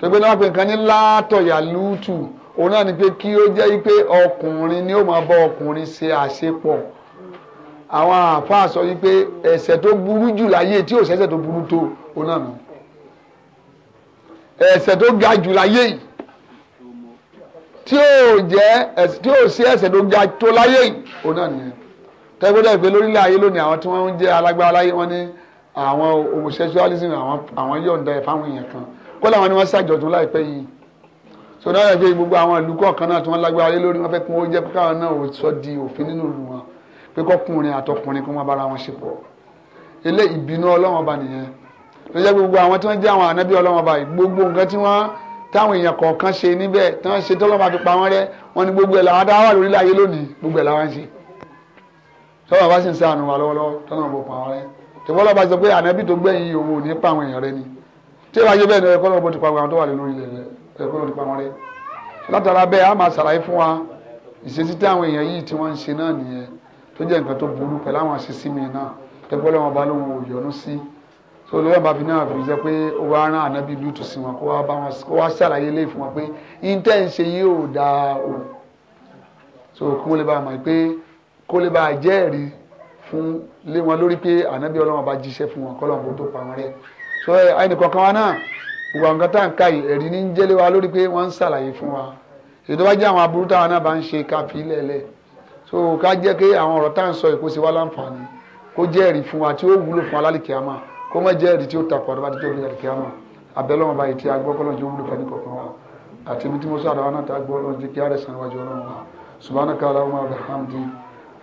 tó gbé náà pé nǹkan ní látọ̀yà lúùtù òun náà ni pé kí ó jẹ́ pé ọkùnrin ni ó máa bá ọkùnrin ṣe àṣepọ̀ àwọn àáfàá sọ wípé ẹ̀ṣẹ̀ tó burú jù láyé tí ò ṣẹ̀ṣẹ̀ tó burú tó òun náà nù ẹ̀ṣẹ̀ tó ga jù láyé yìí tí ó jẹ tí ó sí ẹsẹ̀ tó ga tó láyé òun náà nìyẹn tẹgbẹdẹ ìgbé lórílẹ̀ ayé lónìí àwọn tí wọ́n ń jẹ alágbára láyé wọ́n ní àwọn homosexualism àwọn àwọn yọ̀ǹda ẹ̀ fáwọn èèyàn kan kó làwọn ni wọ́n ṣàjọ̀dún láìpẹ́ yìí so náà yẹ pé gbogbo àwọn ìlú kọ̀ọ̀kan náà tí wọ́n lágbára lé lórí wọ́n fẹ́ kún oúnjẹ káwọn náà sọ di òfin nínú ìlú wọn pé kọkùnrin àtọkùnrin kó má bára wọn ṣe pọ̀ ilé ìbínú Ọlọ́run ọba nìyẹn ló jẹ́ gbogbo àwọn tí wọ́n jẹ́ àwọn ànábì Ọlọ́run ọba yìí gbogbo nǹkan tí wọ́n táwọn èèyàn kọ̀ọ̀kan ṣe níbẹ̀ tí wọ́n ṣe tọ́lọ́mà fi pa wọ́n rẹ́ wọ́n ní gbogbo ẹ̀ làwọn dá wà lórílẹ̀ ayé lónìí gbogbo ẹ̀ làwọn ṣe tọ́lọ́mà bá sì ń sáànù wà lọ́wọ́lọ́wọ́ tọ́lọ́mà bò pa wọ́n rẹ́ tìwọ́n lọ́ba sọ pé ànábì tó gbẹ̀yìn òun ò ní pa àwọn èèyàn rẹ ni tí ó bá yẹ bẹ́ẹ̀ ni ẹ̀kọ́ lọ́wọ́ ti pa àwọn tó wà lórí ilẹ̀ rẹ ẹ̀kọ́ lọ́wọ́ ti pa wọn rẹ látara bẹ́ẹ̀ a máa ṣàlàyé fún wa ìṣesí tí àwọn èèyàn yìí tí wọ́n ń ṣe náà nìyẹn tó jẹ́ nǹkan tó burú pẹ̀lú àwọn àṣìṣí mi náà ẹ̀kọ́ lọ́wọ́ bá lóun ò yọnu sí tó lọ́wọ́ bá fi náà fi jẹ́ pé ó wá rán ànábì lùtù sí wọn kó wá bá wọn kó ṣàlàyé lé fún wọn pé ìǹtẹ́ ń ṣe yìí ò dáa o so kó lè bá a mọ̀ pé kó lè bá a jẹ́rìí fún lé wọn lórí pé ànábì ọlọ́run bá jíṣẹ́ fún wọn kọ́lọ́run kó tó pa wọn rẹ́ so ẹnì kọ̀ọ̀kan wa náà ìwà nǹkan tá à ń ka yìí ẹ̀rí ní ń jẹ́lé wa lórí pé wọ́n ń ṣàlàyé fún wa ètò bá jẹ́ àwọn aburú táwọn náà bá ń ṣe ká fi lẹ́lẹ̀ so ká jẹ́ pé àwọn ọ̀rọ̀ tá à ń sọ ìkó sí wa láǹfààní kó jẹ́ ẹ̀rí fún wa tí ó wúlò fún alálìkí àmà kó má jẹ́ ẹ̀rí tí ó takò àdúrà títí òbí àlìkí àmà abẹ́lọ́wọ̀n báyìí tí agbọ́kọ́lọ́ jẹ́ wúlò fẹ́ni kọ̀ọ̀kan wa àti ibi tí mo sọ àdáwọn náà tá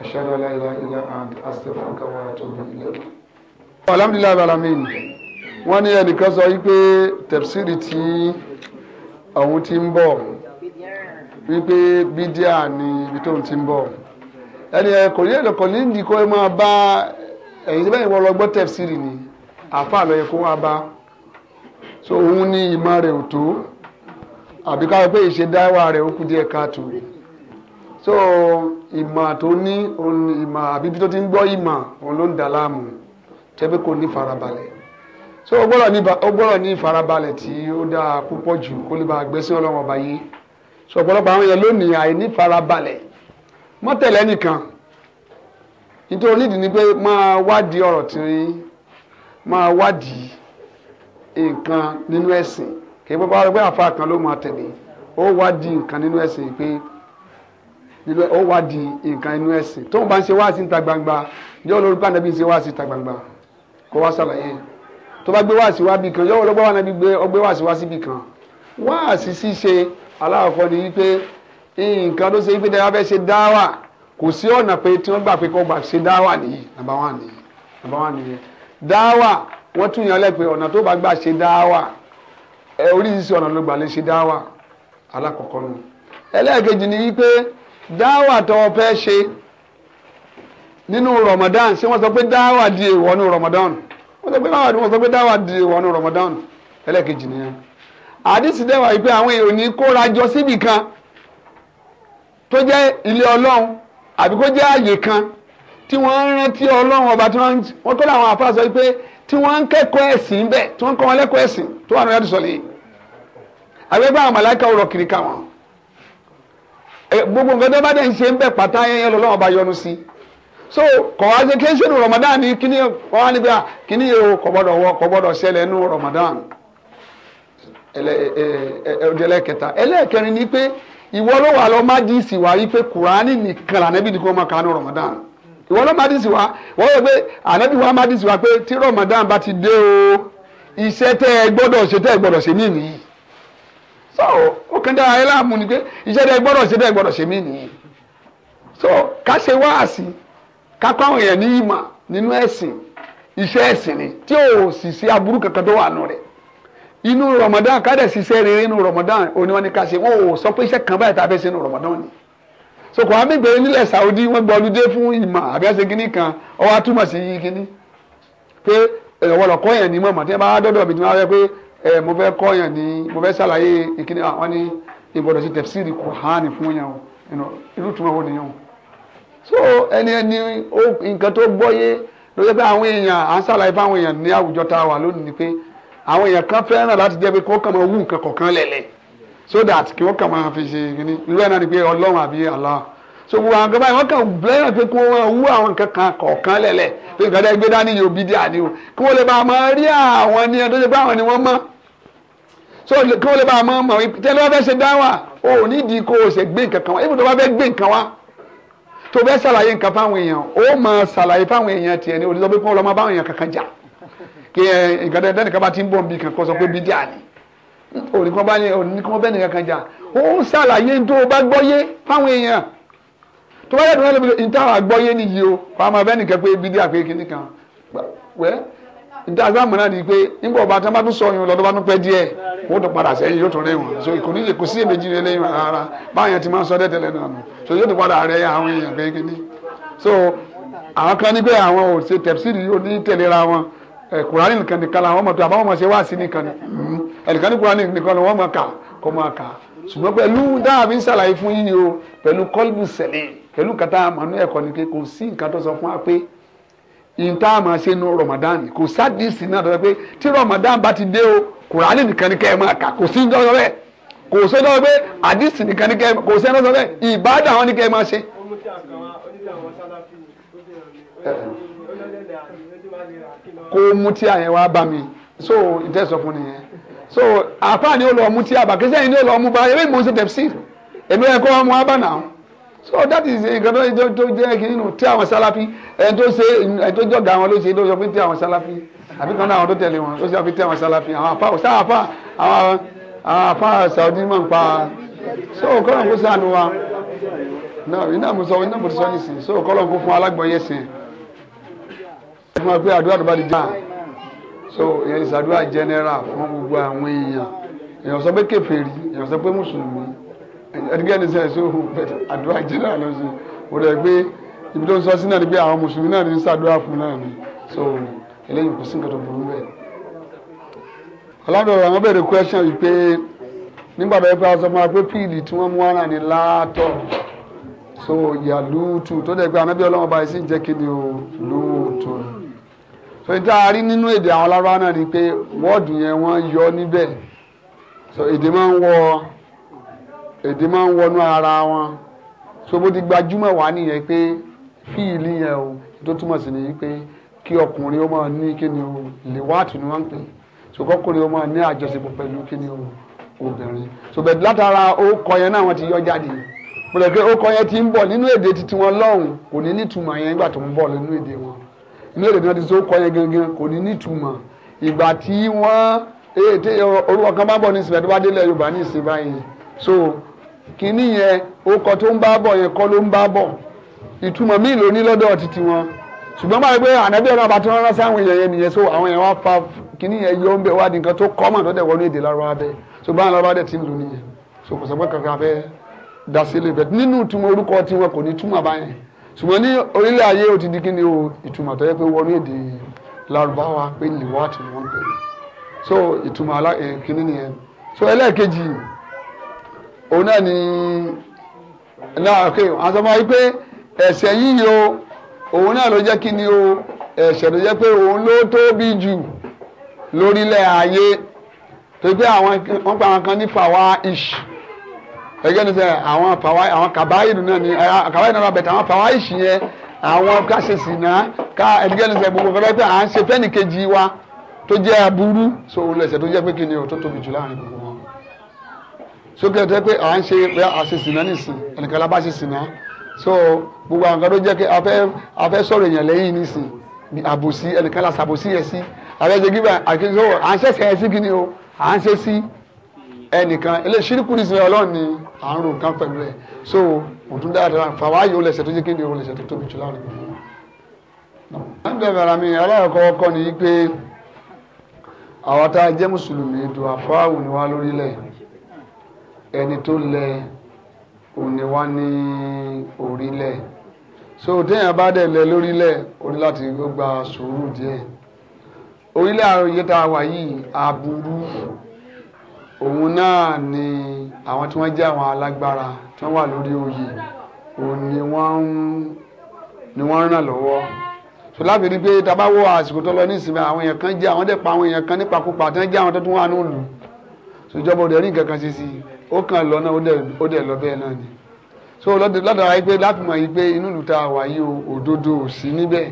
أشهد أن لا إله إلا أنت أستغفرك وأتوب إليك. alhamdulilayi alamin wọ́n ní ẹnìkan sọ wípé tẹ̀síìrì tí òun ti ń bọ̀ wípé bídíà ni ibi tóun ti ń bọ̀ ẹni ẹ kò ní èdè kò ní ìdí kó máa bá ẹ̀yìn tí bẹ́ẹ̀ wọ́n lọ gbọ́ tẹ̀síìrì ni àáfàá lọ yẹ kó wá bá so òun ní ìmọ̀ rẹ̀ ò tó àbíká pé ìṣe dáwà rẹ̀ ó kù díẹ̀ káàtó so ìmọ̀ tó ní ìmọ̀ àbí bí tó ti ń gbọ́ ìmọ̀ òun ló ń dà láàmú tẹ́bí kò ní farabalẹ̀ so ó gbọ́dọ̀ ní ìfarabalẹ̀ tí ó dáa púpọ̀ jù kó lè bá gbẹ́sìn ọlọ́run ọba yìí so ọ̀pọ̀lọpọ̀ àwọn èèyàn lónìí àìní farabalẹ̀ mọ́tẹ̀lẹ́ nìkan nítorí nídìí ni pé máa wádìí ọ̀rọ̀ tí máa wádìí nǹkan nínú ẹ̀sìn kì í bọ́ bá wọ́n pé àfa kan ló máa tẹ̀lé ó wádìí nǹkan nínú ẹ̀sìn pé nínú ó wá di nǹkan inú ẹ̀sìn tóun bá ń ṣe wáàsí níta gbangba yóò lórúkọ ànábì ń ṣe wáàsí níta gbangba kó wá ṣàlàyé tó bá gbé wáàsí wá bì kan yóò lọ́gbọ́n wá nàbí gbé wáàsí wá síbì kan wáàsí ṣíṣe aláàkọ́ ni wípé nǹkan tó ṣe wípé dáwà fẹ́ ṣe dáwà kò sí ọ̀nà pé tí wọ́n gbà pé kọ́ gbà ṣe dáwà nìyí nàbà wà nìyí nàbà wà nìyí dáwà wọ́n tún yàn dáwà tó o fẹ́ ṣe nínú Ramadan ṣé wọ́n sọ pé dáwà di èèwọ̀ nínú Ramadan wọ́n sọ pé dáwà di èèwọ̀ nínú Ramadan ẹlẹ́ẹ̀kejì nìyẹn àdìsí dẹ́wà yìí pé àwọn èèyàn ní kóra jọ síbì kan tó jẹ́ ilé ọlọ́run àbí kó jẹ́ àyè kan tí wọ́n ń rántí ọlọ́run ọba tí wọ́n tó láwọn àfáà sọ pé tí wọ́n ń kẹ́kọ̀ọ́ ẹ̀sìn bẹ́ẹ̀ tí wọ́n ń kọ́ wọn lẹ́kọ̀ọ́ ẹ̀sìn tó wà ní ọ̀yàdùsọ̀lẹ̀ àgbẹ̀gbẹ̀ àwọn màláìka ọ̀rọ̀ kiri ká gbogbo nǹkan tó bá dẹ̀ ń ṣe ń bẹ̀ pátá yẹn lọ́wọ́ bá yọnu sí so kọ̀ wá ṣe nu Ramadan ni kíní kọ́ wá níbi kíní yìí o kọ̀ gbọ́dọ̀ wọ kọ̀ gbọ́dọ̀ ṣẹlẹ̀ nu Ramadan ẹlẹ́kẹta ẹlẹ́kẹrin ni pé ìwọ ló má dì í sì wá pé Kùránì nìkan lànàbí ni kò máa kà nu Ramadan ìwọ ló má dì í sì wá wọ́n yẹ pé ànábì wa má dì í sì pé tí Ramadan bá ti dé o iṣẹ́ tẹ́ ẹ gbọ́dọ̀ ṣe tẹ́ ẹ gbọ́dọ̀ ṣe ní ìnìyí so ó kàn dára ẹ láàmú ni pé iṣẹ́ dẹ́ gbọ́dọ̀ ṣe bẹ́ẹ̀ gbọ́dọ̀ ṣe mí nìyí so ká ṣe wáàsí ká kọ́ àwọn èèyàn ní ìmọ̀ nínú ẹ̀sìn iṣẹ́ ẹ̀sìn ni tí ò sì sí aburú kankan tó wà nù rẹ̀ inú Ramadan ká si ṣiṣẹ́ rere inú Ramadan òní wọn ni ká ṣe wọn ò sọ pé iṣẹ́ kan báyìí tá a fẹ́ ṣe Ramadan ni so kò wá mí gbèrè nílẹ̀ Saudi wọ́n gba ọdún dé fún ìmọ̀ àbíọ́sẹ̀ kínní kan ọwọ́ atúmọ̀ sí yí kínní pé ẹ̀wọ̀lọ̀kọ́ yẹn ni mọ̀mọ́ tí wọ́n bá dọ́dọ̀ mi tí wọ́n á rẹ pé ẹ mo fẹ́ kọ́ yẹn ní mo fẹ́ ṣàlàyé ìkíni àwọn ní ìgbọ́dọ̀ sí tẹ̀síìrì kùhánì fún yẹn o irú túmọ̀ wo nìyẹn o so ẹni ẹni nǹkan tó gbọ́ yé ló jẹ́ pé àwọn èèyàn à ń ṣàlàyé fáwọn èèyàn ní àwùjọ tá a wà lónìí ni pé àwọn èèyàn kan fẹ́ràn láti jẹ́ pé kó kàn máa wú nǹkan kọ̀ọ̀kan lẹ̀lẹ̀ so that kí wọ́n kàn máa fi ṣe ìrìn irú ẹ̀ náà ni pé ọlọ́run àbí Allah so gbogbo àwọn kan báyìí wọ́n kàn blẹ́yàn pé kí wọ́n wú àwọn nǹkan kan kọ̀ọ̀kan pé nǹkan gbé dání yóò bí díà ni o kí wọ́n lè bá máa rí àwọn ní ẹni tó ṣe pé àwọn ni wọ́n mọ́ so kí wọ́n lè bá máa mọ̀ tẹ́lẹ̀ wọ́n fẹ́ ṣe dáwà o ò nídìí kó o ṣe gbé nǹkan kan wá ibùdó wọ́n fẹ́ gbé nǹkan wá tó fẹ́ ṣàlàyé nǹkan fáwọn èèyàn ó máa ṣàlàyé fáwọn èèyàn tiẹ̀ ni olùsọ pé kí lọ máa báwọn èèyàn kankan jà kí nǹkan tẹ́ tẹ́nìkan bá ti ń bọ̀ nbí kan kó pé bí díà ni òní kí wọ́n bá ní kí wọ́n bẹ́ẹ̀ nìkan kan ṣàlàyé tó o bá gbọ́yé fáwọn èèyàn tó bá yàtọ̀ lọ́dọ̀ níta àgbọ́yé nìyí o kó a máa fẹ́ nìkan pé bídí àpé kínní kan wẹ́ níta sáàmù náà ni pé nígbà ọba tán bá tún sọ yun lọ́dọ̀ bá tún pẹ́ díẹ̀ wọ́n tún padà sẹ́yìn yóò tún rẹ̀ wọ́n so ìkò nílé kò sí èméjì rẹ̀ lẹ́yìn rárá báyẹn ti máa ń sọ dẹ́tẹ̀lẹ̀ náà nù so yóò tún padà rẹ̀ àwọn èèyàn pé kínní so àwọn kan ní pé àwọn ò ṣe tẹ̀síìrì yóò ní tẹ̀léra wọn kurani nìkan nìkan la wọn mọ̀ tó àbáwọn mọ̀ ṣe wá sí nìkan ni hmm. ẹnìkan ní kurani nìkan ni wọn mọ̀ ká kọ́ mọ̀ ká ṣùgbọ́n pẹ̀lú dáhàbí ń ṣàlàyé fún yíyí o pẹ̀lú kọ́lbù sẹ̀lẹ̀ pẹ̀lú nǹkan tá a mọ̀ ní ẹ̀kọ́ ni pé kò sí nǹkan tó sọ fún wa pé yìí tá a máa ṣe nu Ramadan kò sádìsì náà tó sọ pé tí Ramadan bá ti dé o Kùránì nìkan ni kẹ́ ẹ máa kà kò sí nítorí bẹ́ẹ̀ kò sí nítorí pé àdìsì nìkan ni kẹ́ ẹ kò sí nítorí bẹ́ẹ̀ ìbádà wọn ni kẹ́ ẹ máa ṣe. kó mú àyẹ̀wò á mi so ìtẹ̀sọ̀ fún nìyẹn so àfáà ni ó lọ mú tí kí sẹ́yìn ni ó lọ mú bá ẹ̀rẹ́ ìmọ̀ ń ṣe tẹ̀sí èmi so that is nǹkan tó jẹ́ tó jẹ́ kí nínú tí àwọn sáláfí ẹni tó ṣe ẹni tó jọ̀gá àwọn ló ṣe ló sọ pé tí àwọn sáláfí àbí kan náà àwọn tó tẹ̀lé wọn ló ṣe àfi tí àwọn sáláfí àwọn àpá òsá àpá àwọn àpá Saudi máa ń pa so kọ́lọ̀ kó sànù wa náà iná mo sọ iná mo sọ nìsín so kọ́lọ̀ kó fún alágbọ̀nyẹ sìn ẹ̀ fún wa pé àdúrà tó bá di jẹ́ so ìyẹn ìsàdúrà general fún gbogbo àwọn èèyàn èèyàn sọ pé kèfèrí èèyàn sọ pé mùsùlùmí ẹ̀dígẹ́ni sẹ́yìn so àdúrà jẹ́nà ló ṣe mo rẹ̀ pé ibi tó ń sọ sí náà ni pé àwọn mùsùlùmí náà ní ṣàdúrà fún náà ni so eléyìí kò sí nǹkan tó burú bẹ́ẹ̀. ọ̀làdọ̀rọ̀ àwọn bẹ̀rẹ̀ question yìí pé nígbà tó yẹ pé a sọ fún wa pé píìlì tí wọ́n mú wá náà ni láàtọ̀ so yàlúùtù tó dẹ̀ pé anábí ọlọ́mọba yìí sì ń jẹ́ kí ni o lóòótọ́ so ìta àárín nínú èdè àwọn alára náà ni pé wọ́ọ̀dù yẹn wọ́n yọ níbẹ̀ so èdè máa ń wọ èdè máa ń wọnú ara wọn so bó ti gbajúmọ̀ wá nìyẹn pé fíìlì yẹn o tó túmọ̀ sí ni pé kí ọkùnrin ó máa ní kíni o lè wá àtúnú wọn pè so kọkùnrin ó máa ní àjọṣepọ̀ pẹ̀lú kíni o obìnrin so bẹ̀ẹ̀ látara orúkọ yẹn náà wọ́n ti yọ jáde bẹ̀rẹ̀ pé orúkọ yẹn ti ń bọ̀ nínú èdè titi wọn lọ́hùn kò ní nítumọ̀ yẹn nígbà tó ń bọ̀ nínú èdè wọn inú èdè tí ti so orúkọ yẹn gangan kò ní nítumọ̀ ìgbà tí wọ́n orúkọ kan bá bọ̀ ní ìsìnkú àti wọ́n adé lẹ̀ Yorùbá ní ìsìn báyìí so kínní yẹn okọ̀ tó ń bá bọ̀ yẹn kọ́ ló ń bá bọ̀ ìtumọ̀ míì ló ní lọ́dọ̀ títí wọn ṣùgbọ́n báyìí pé ànábì ọ̀nà àbátí wọn rán sáwọn èèyàn yẹn nìyẹn so àwọn èèyàn wá fa kínní yẹn yọ ń bẹ wá di nǹkan tó kọ́mọ̀ tó dẹ̀ wọnú èdè lárúbáwá bẹ́ẹ̀ so báwọn lọ́ba dẹ̀ ti ń lò nìyẹn so kò sọ́gbọ́n kankan fẹ́ dá sí ilé nínú ìtumọ̀ orúkọ tiwọn kò ní túmọ̀ báyẹn ṣùgbọ́n ní orílẹ̀ ayé ó ti di kí ni o ìtumọ̀ tó yẹ pé wọnú èdè lárúbáwá pé nìwọ́ àti wọn pẹ̀lú so ìtumọ̀ alá eh, kínní nìyẹn so ẹlẹ́ẹ̀kejì òun náà ni náà ok àtọ́mọ́ yìí pé ẹ̀ṣẹ̀ yìí o òun náà ló jẹ́ kí ni o ẹ̀ṣẹ̀ ló jẹ́ pé òun ló tóbi jù lórílẹ̀ ayé tó àwọn wọ́n pa àwọn kan ní fàwa ish ẹgbẹ́ ní sẹ́ àwọn fàwa àwọn kàbáyìlú náà ni kàbáyìlú náà bẹ̀tẹ̀ àwọn fàwa ish yẹn àwọn káṣesì náà ká ẹgbẹ́ ní sẹ́ gbogbo kọ́lọ́pẹ́ à ń ṣe fẹ́nìkejì wa tó jẹ́ aburú so olùsẹ̀ tó jẹ́ pé kí ni o tó tóbi jù láàrin gbogbo wọn sókè tó yẹ pé à ń ṣe pé à ṣe sìnà nìsín ẹnìkan lábá ṣe sìnà so gbogbo àwọn kan tó jẹ́ pé a fẹ́ sọ̀rọ̀ èèyàn lẹ́yìn nìsín àbòsí ẹnìkan la ṣàbòsí yẹn sí àbẹ̀jẹ̀ gíga àkíńsó à ń ṣẹ̀ṣẹ̀ yẹn sí kí ni o à ń ṣe sí ẹnìkan eléyìí ṣírìkù nìsín ọlọ́run ni à ń ro nǹkan pẹ̀lú ẹ̀ so òtún dáadáa fàwáyé ó lẹ̀ṣẹ̀ tó jẹ́ kí ni o lẹ̀ṣẹ̀ tó tóbi jù láàrin gbogbo ń ni pé àwọn tá a jẹ́ mùsùlùmí dùn ẹni tó lẹ òní wá ní orílẹ̀ so téèyàn bá dẹ̀ lẹ lórílẹ̀ orí láti gba sùúrù díẹ̀ orílẹ̀ àròyé tá a wà yìí aburú òun náà ni àwọn tí wọ́n jẹ́ àwọn alágbára tí wọ́n wà lórí oyè òun ni wọ́n ń ràn lọ́wọ́ so láti rí pé tá a bá wo àsìkò tó lọ ní ìsinmi àwọn èèyàn kan jẹ́ àwọn dẹ̀ pa àwọn èèyàn kan nípakúpa tí wọ́n jẹ́ àwọn tó tún wà ní òòlù so ìjọba òde rí nǹkan kan ṣe sí i ó kàn lọ náà ó dẹ̀ lọ bẹ́ẹ̀ náà ni so lọ́dọ̀ ayé pé láti mọ̀ yìí pé inú ìlú ta wà yìí òdodo ò sí níbẹ̀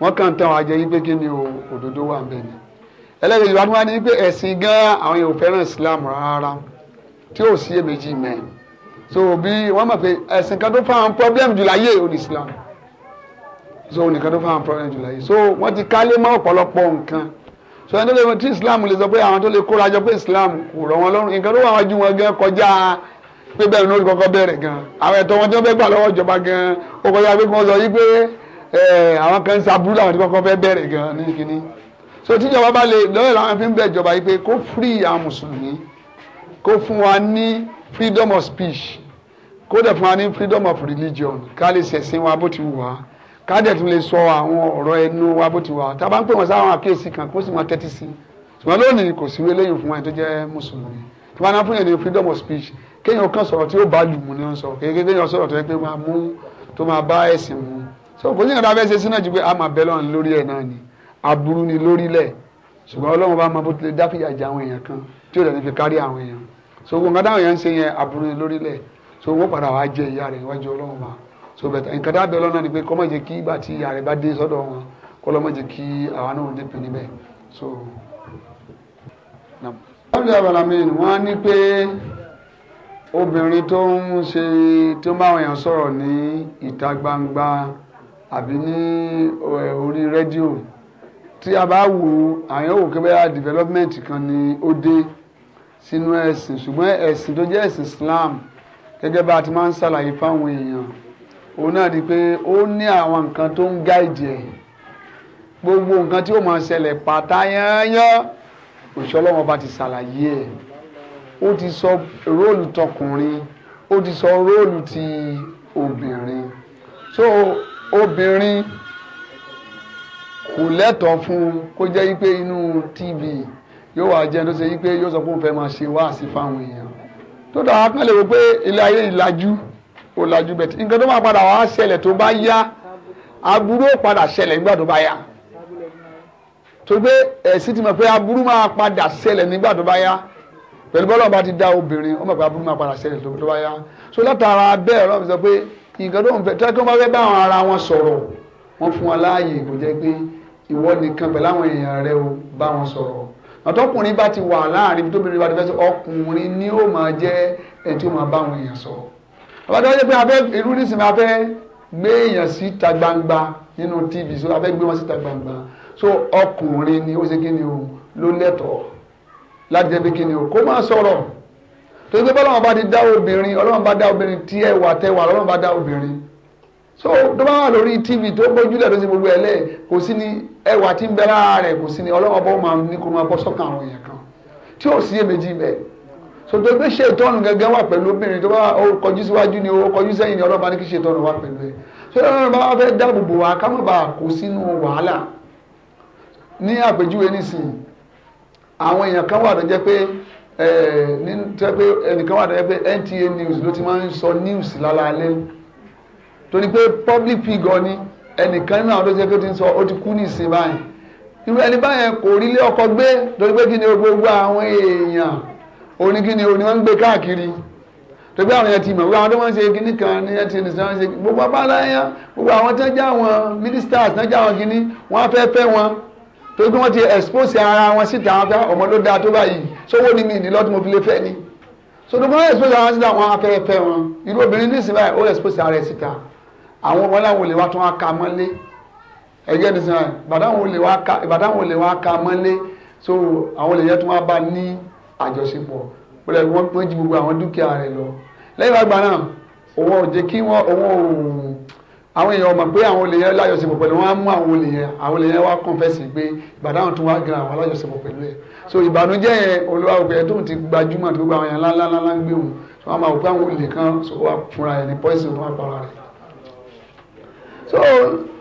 wọ́n kàn tán wàá jẹ́ yìí pé kí ni òdodo wà níbẹ̀ ni ẹlẹ́gbẹ̀ẹ́ ìwádìí wá ní pé ẹ̀sìn gan àwọn èèyàn fẹ́ràn Islam rárá tí ò sí èméjì mẹ́rin so bí wọ́n mọ̀ pé ẹ̀sìn kan tó fáwọn problem jù láyé ò Islam so nìkan tó fáwọn problem jù láyé so wọ́n ti kálé mọ́ ọ̀pọ̀lọpọ̀ nǹkan so ẹni tó lè tí islam lè sọ pé àwọn tó lè kóra jọ pé islam kò rọ̀ wọn lọ́rùn nǹkan tó wà wájú wọn gan kọjá pé bẹ́ẹ̀ ni ó kọ́kọ́ bẹ̀rẹ̀ gan àwọn ẹ̀tọ́ wọn tí wọ́n fẹ́ gbà lọ́wọ́ ìjọba gan ó kọjá pé kí wọ́n sọ yí pé àwọn kan ń saburú làwọn tí kọ́kọ́ fẹ́ bẹ̀rẹ̀ gan ní kínní so tíjọba bá lè lọ́wọ́ làwọn fi ń bẹ̀ ìjọba yìí pé kó free àwọn mùsùlùmí kó fún wa ní freedom of speech kó dẹ̀ fún wa ní freedom of religion ká lè ṣẹ̀sìn wa bó ti wù wá káàdẹ̀ tún lè sọ àwọn ọ̀rọ̀ ẹnu wa bó ti wà tá a bá ń pè wọ́n sáwọn àkíyèsí kan kó sì máa tẹ́tí sí ṣùgbọ́n lónìí kò sí eléyìí fún ẹni tó jẹ́ mùsùlùmí tí wọ́n á fún yẹn ní freedom of speech kéèyàn kan sọ̀rọ̀ tí ó bá lù mú ni wọ́n sọ kéèké kéèyàn sọ̀rọ̀ tó yẹ pé máa mú tó máa bá ẹ̀sìn mu so kò sí ìrìnàdá fẹ́ ṣe sínú ju pé a máa bẹ lọ́run lórí ẹ̀ náà ni aburú ni lórílẹ̀ ṣùgbọ́n Ọlọ́run bá máa bó so gbọ̀ngàn táwọn èèyàn ń ṣe so wọ́n padà wá jẹ so bẹ̀tẹ̀ nǹkan dábẹ́ ọlọ́nà ni pé kọ́ mọ̀ jẹ́ kí ìgbà tí ààrẹ bá dé sọ́dọ̀ wọn kọ́ lọ́mọ̀ jẹ́ kí àwọn náà dé pè níbẹ̀ so. ọ̀dọ̀ abalamin wọ́n ní pé obìnrin tó ń ṣe tó ń báwọn èèyàn sọ̀rọ̀ ní ìta gbangba àbí ní orí rédíò tí a bá wò àyàn òwò kẹ́bẹ́yà development kan ni ó dé sínú ẹ̀sìn ṣùgbọ́n ẹ̀sìn tó jẹ́ ẹ̀sìn Islam gẹ́gẹ́ bá a ti máa ń ṣàlàyé fáwọn èèyàn òun náà di pé ó ní àwọn nǹkan tó ń gáìdì ẹ̀ gbogbo nǹkan tí ó máa ṣẹlẹ̀ pátá yányán òṣìṣẹ́ ọlọ́wọ́n bá ti ṣàlàyé ẹ̀ ó ti sọ róòlù tọkùnrin ó ti sọ róòlù ti obìnrin so obìnrin kò lẹ́tọ̀ọ́ fún kó jẹ́ wípé inú tv yóò wá jẹ́ tó ṣe wípé yóò sọ pé òun fẹ́ máa ṣe wáàsí fáwọn èèyàn tó dáa kán lè wo pé ilé ayé ìlàjú kó lajú bẹ́ẹ̀ tí nǹkan tó máa padà wá ṣẹlẹ̀ tó bá yá aburú ó padà ṣẹlẹ̀ nígbà tó bá yá tó gbé ẹ̀sìn ti mọ̀ pé aburú máa padà ṣẹlẹ̀ nígbà tó bá yá pẹ̀lú bọ́lá ọba ti dá obìnrin ó mọ̀ pé aburú máa padà ṣẹlẹ̀ tó bá yá so látara bẹ́ẹ̀ ọlọ́run sọ pé nǹkan tó ń fẹ́ tẹ́kọ́ bá fẹ́ bá àwọn ara wọn sọ̀rọ̀ wọ́n fún wọn láàyè kò jẹ́ pé ìwọ nìkan pẹ̀lú àwọn èèyàn rẹ o bá wọn sọ̀rọ̀ ọ̀tọ́kùnrin bá ti wà láàrin tóbi ọkùnrin ni ó máa jẹ́ ẹ̀ tí máa bá àwọn èèyàn sọ̀rọ̀ àbájá wọ́n jẹ́ pé abẹ́ irú nísìnyí abẹ́ gbé èèyàn síta gbangba nínú tv so abẹ́ gbé wọn síta gbangba so ọkùnrin ni ó ṣe kí ni o ló lẹ́tọ̀ọ́ láti jẹ́ pé kí ni o kó máa sọ̀rọ̀ torí pé bọ́lá wọn bá ti dá obìnrin ọlọ́run bá dá obìnrin tí ẹwà tẹwà ọlọ́run bá dá obìnrin so tó bá wà lórí tv tó gbójúlẹ̀ tó ṣe gbogbo ẹ̀ lẹ́ẹ̀ kò sí ni ẹwà tí ń bẹ lára rẹ̀ kò sí ni ọlọ́run bá máa ní kó máa bọ́ sọ́kàn àwọn èèyàn kan tí ò sí èméjì bẹ́ẹ̀ sọtò pé ṣètọ́nù gẹ́gẹ́ wà pẹ̀lú obìnrin tó bá kọjú síwájú ni ó kọjú sẹ́yìn ni ọlọ́ba ní kí ṣètọ́nù wà pẹ̀lú ẹ̀ ṣètọ́nù bá wà fẹ́ dáàbò bò wá ká má bàa kó sínú wàhálà ní àpèjúwe nísìnyí àwọn èèyàn kan wà tó pé ẹnìkan wà tó pé NTA news ló ti máa ń sọ news lálaalẹ́ torí pé public figure ni ẹnìkan náà tó jẹ́ pé ó ti ń sọ ó ti kú ní ìsìn báyìí irú ẹni báyẹn kò rí ilé ọkọ gbé torí pé kí ni gbogbo àwọn èèyàn oníkíni oní wọ́n ń gbé káàkiri tó bí àwọn yẹn ti mọ̀ wípé àwọn tó wọ́n ṣe kíní kan ní ẹ̀ ti ní sọ́n ṣe gbogbo abáláyà gbogbo àwọn tó já wọn ministers tó já wọn kíní wọ́n fẹ́ fẹ́ wọn tó bí wọ́n ti expose ara wọn síta wọn fẹ́ ọmọ ló dáa tó báyìí sówó ni mi ní lọ́tún mo fi lè fẹ́ ni so tó bí wọ́n expose ara wọn síta wọn fẹ́ fẹ́ wọn irú obìnrin nísìnyí báyìí ó expose ara ẹ̀ síta àwọn ọmọ láwọn olè wa tó wọn ka mọ́lé ẹgbẹ́ nísìnyí bàtà àwọn olè wa ka mọ́lé so àwọn olè yẹn àjọṣepọ̀ pẹ̀lú wọ́n pín ju gbogbo àwọn dúkìá rẹ̀ lọ lẹ́yìn wá gbà náà òun ò jẹ́ kí wọ́n òun ò àwọn èèyàn mọ̀ pé àwọn olè yẹn lájọṣepọ̀ pẹ̀lú wọn á mú àwọn olè yẹn àwọn olè yẹn wá kọ́ńfẹ́sì pé ìbàdàn àwọn tó wá gan àwọn alájọṣepọ̀ pẹ̀lú ẹ̀ so ìbànújẹ́ yẹn olúwa òkè ẹ̀ tó ti gbajúmọ̀ tó gbogbo àwọn yẹn ńláńláńlá ń gbé wọn so wọn máa wò pé àwọn olè kan so wà fúnra ẹ̀ ní pọ́ìsìn wọn para rẹ̀ so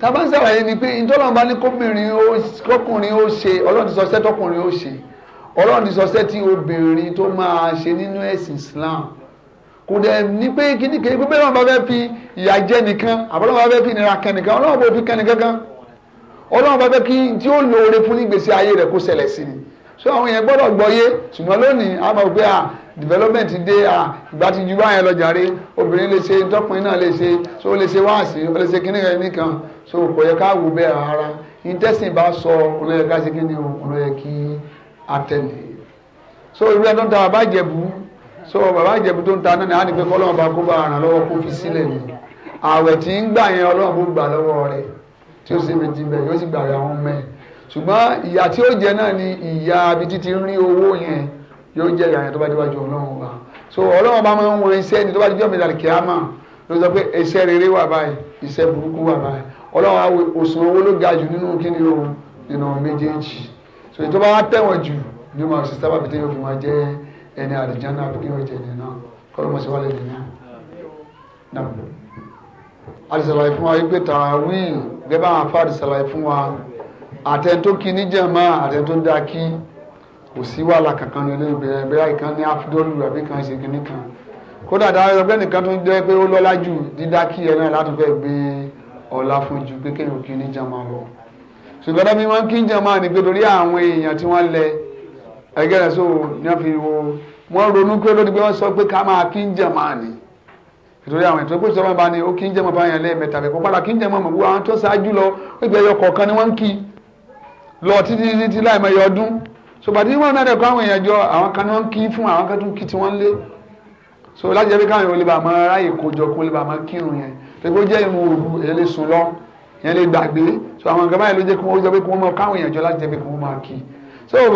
tábà ń sàlàyé ni pé ìtọ́lọ́mọba ní kóbìnrin ó kọkùnrin ó ṣe ọlọ́run ti sọ sẹ́tọ́kùnrin ó ṣe ọlọ́run ti sọ sẹ́tì obìnrin tó máa ṣe nínú ẹ̀sìn Islam kò dẹ̀ ní pé kíní kéé pé bẹ́ẹ̀ náà bá fẹ́ fi ìyà jẹ nìkan àbọ̀lọ́run bá fẹ́ fi ìnira kan nìkan ọlọ́run bó fi kan nìkan kan ọlọ́run bá fẹ́ kí tí ó lóore fún nígbèsí ayé rẹ̀ kó ṣẹlẹ̀ sí ni so àwọn yẹn gbọ́dọ̀ gbọ́yé ṣùgbọ́n lónìí a máa gbé à development dé à ìgbà tí ju báyẹn lọ jàre obìnrin lè ṣe tọkùnrin náà lè ṣe so ó lè ṣe wáàsí ó lè ṣe kíní kan nìkan so kò yẹ ká wù bẹ́ẹ̀ rárá intestine bá sọ ọ̀nà yẹ ká ṣe kíní ọ̀nà yẹ kí atẹni so irú ẹni tó ń ta bàbá ìjẹ̀bú so bàbá ìjẹ̀bú tó ń ta náà ni a ní pé kọ́lọ́mù bá kó bá ràn lọ́wọ́ kó fi sílẹ̀ ni ààwẹ̀ tí ń gbà yẹn ọlọ́run kó gbà lọ́wọ́ rẹ̀ tí ó sì fi ti bẹ̀ yóò sì gbà rẹ̀ àwọn ọmọ ẹ̀ ṣùgbọ́n ìyà tí ó jẹ náà ni ìyà abi títí rí owó yẹn yóò jẹ ìyà yẹn tó bá déwájú ọlọ́run wa so ọlọ́run bá máa ń wọn iṣẹ́ ni tó bá dé jọ́mi dàrí kíámà ló sọ pé iṣẹ́ rere wà báyìí iṣẹ́ burúkú wà báyìí ọlọ́run àwọn òṣùwọ̀n owó ló ga jù nínú kíni o nínú méjèèjì so ètò bá tẹ̀wọ̀n jù ni màá sì sábà bìtẹ́ yóò fi máa jẹ́ ẹni àdìjá náà àbúkí yóò jẹ ẹni náà kọ́lọ́ sí wálé ẹni náà. a ti fún wa wípé tàràwìn gẹ́gẹ́ bá àwọn afá ti fún wa àtẹ̀ntó kí níjàmá àtẹ̀ntó dá kí kò sí wàhálà kankan ní olóògbé bẹ́ẹ̀ kan ní afidọ́lù àbí kan ṣe kìíní kan kódà dáhùn ẹgbẹ́ nìkan tó ń ṣùgbọ́n dábí wọ́n kí ń jẹ́ máa ní pé torí àwọn èèyàn tí wọ́n lẹ ẹgẹ́ rẹ̀ so ní fi wo wọ́n ronú pé lórí pé wọ́n sọ pé ká máa kí ń jẹ́ máa ní nítorí àwọn ètò ìpèsè ọlọ́mọba ni ó kí ń jẹ́ máa báyàn lẹ́ẹ̀mẹ́ta bẹ̀ kó padà kí ń jẹ́ máa mọ̀ wọ́n àwọn tó ṣáájú lọ pé ẹyọ kọ̀ọ̀kan ni wọ́n ń kí lọ títí títí láì mọ̀ ẹyọ ọdún ṣùgbọ́n tí wọ́n náà dẹ̀ àwọn èèyàn jọ àwọn kan ni wọ́n ń kí fún àwọn kan tún kí tí wọ́n lé so láti jẹ́ pé káwọn èèyàn lè bàa máa ráyè kójọ kó lè bàa máa kírun yẹn pé kó jẹ́ irun òru èlé sùn lọ yẹn lè gbàgbé so àwọn nǹkan báyìí ló jẹ́ kí wọ́n jẹ́ pé kí wọ́n máa káwọn èèyàn jọ láti jẹ́ pé kí wọ́n máa kí so ẹ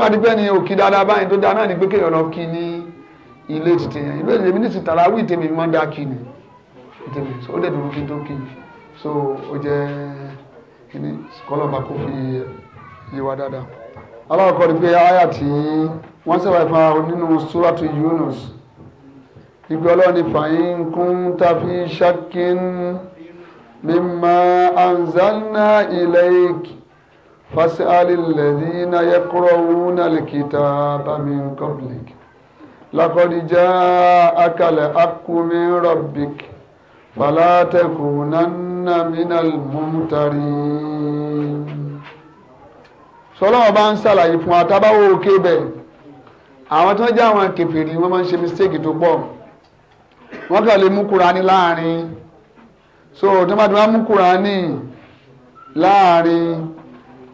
má dípẹ́ ni òkì dáadáa báyìí tó dáa náà ni pé kéèyàn lọ kí ní ilé tètè yẹn ìlú èdè mi ní wí tèmi máa dá kí ni tèmi so ó dẹ̀ dúró kí n tó kí ni so ó jẹ́ kíní kọ́lọ̀ bá kó fi yé wa dáadáa alákọ̀ọ́ ni pé aya tí wọ́n sẹ́wà ìfà nínú súrátù Yunus ìgbẹ́ ọlọ́ni fàyín kún مما أنزلنا إليك فاسأل الذين يقرؤون الكتاب من قبلك لقد جاءك الحق من ربك فلا تكونن من الممترين sọlọ́wọ́ bá ń ṣàlàyé fún àtàbáwò òkè bẹ́ẹ̀ àwọn tó ń jẹ́ àwọn kèfèrí wọ́n máa ń ṣe mistake tó pọ̀ wọ́n kàn lè mú Kùránì láàrin so tọ́mọdé wọn mú kúránì láàrin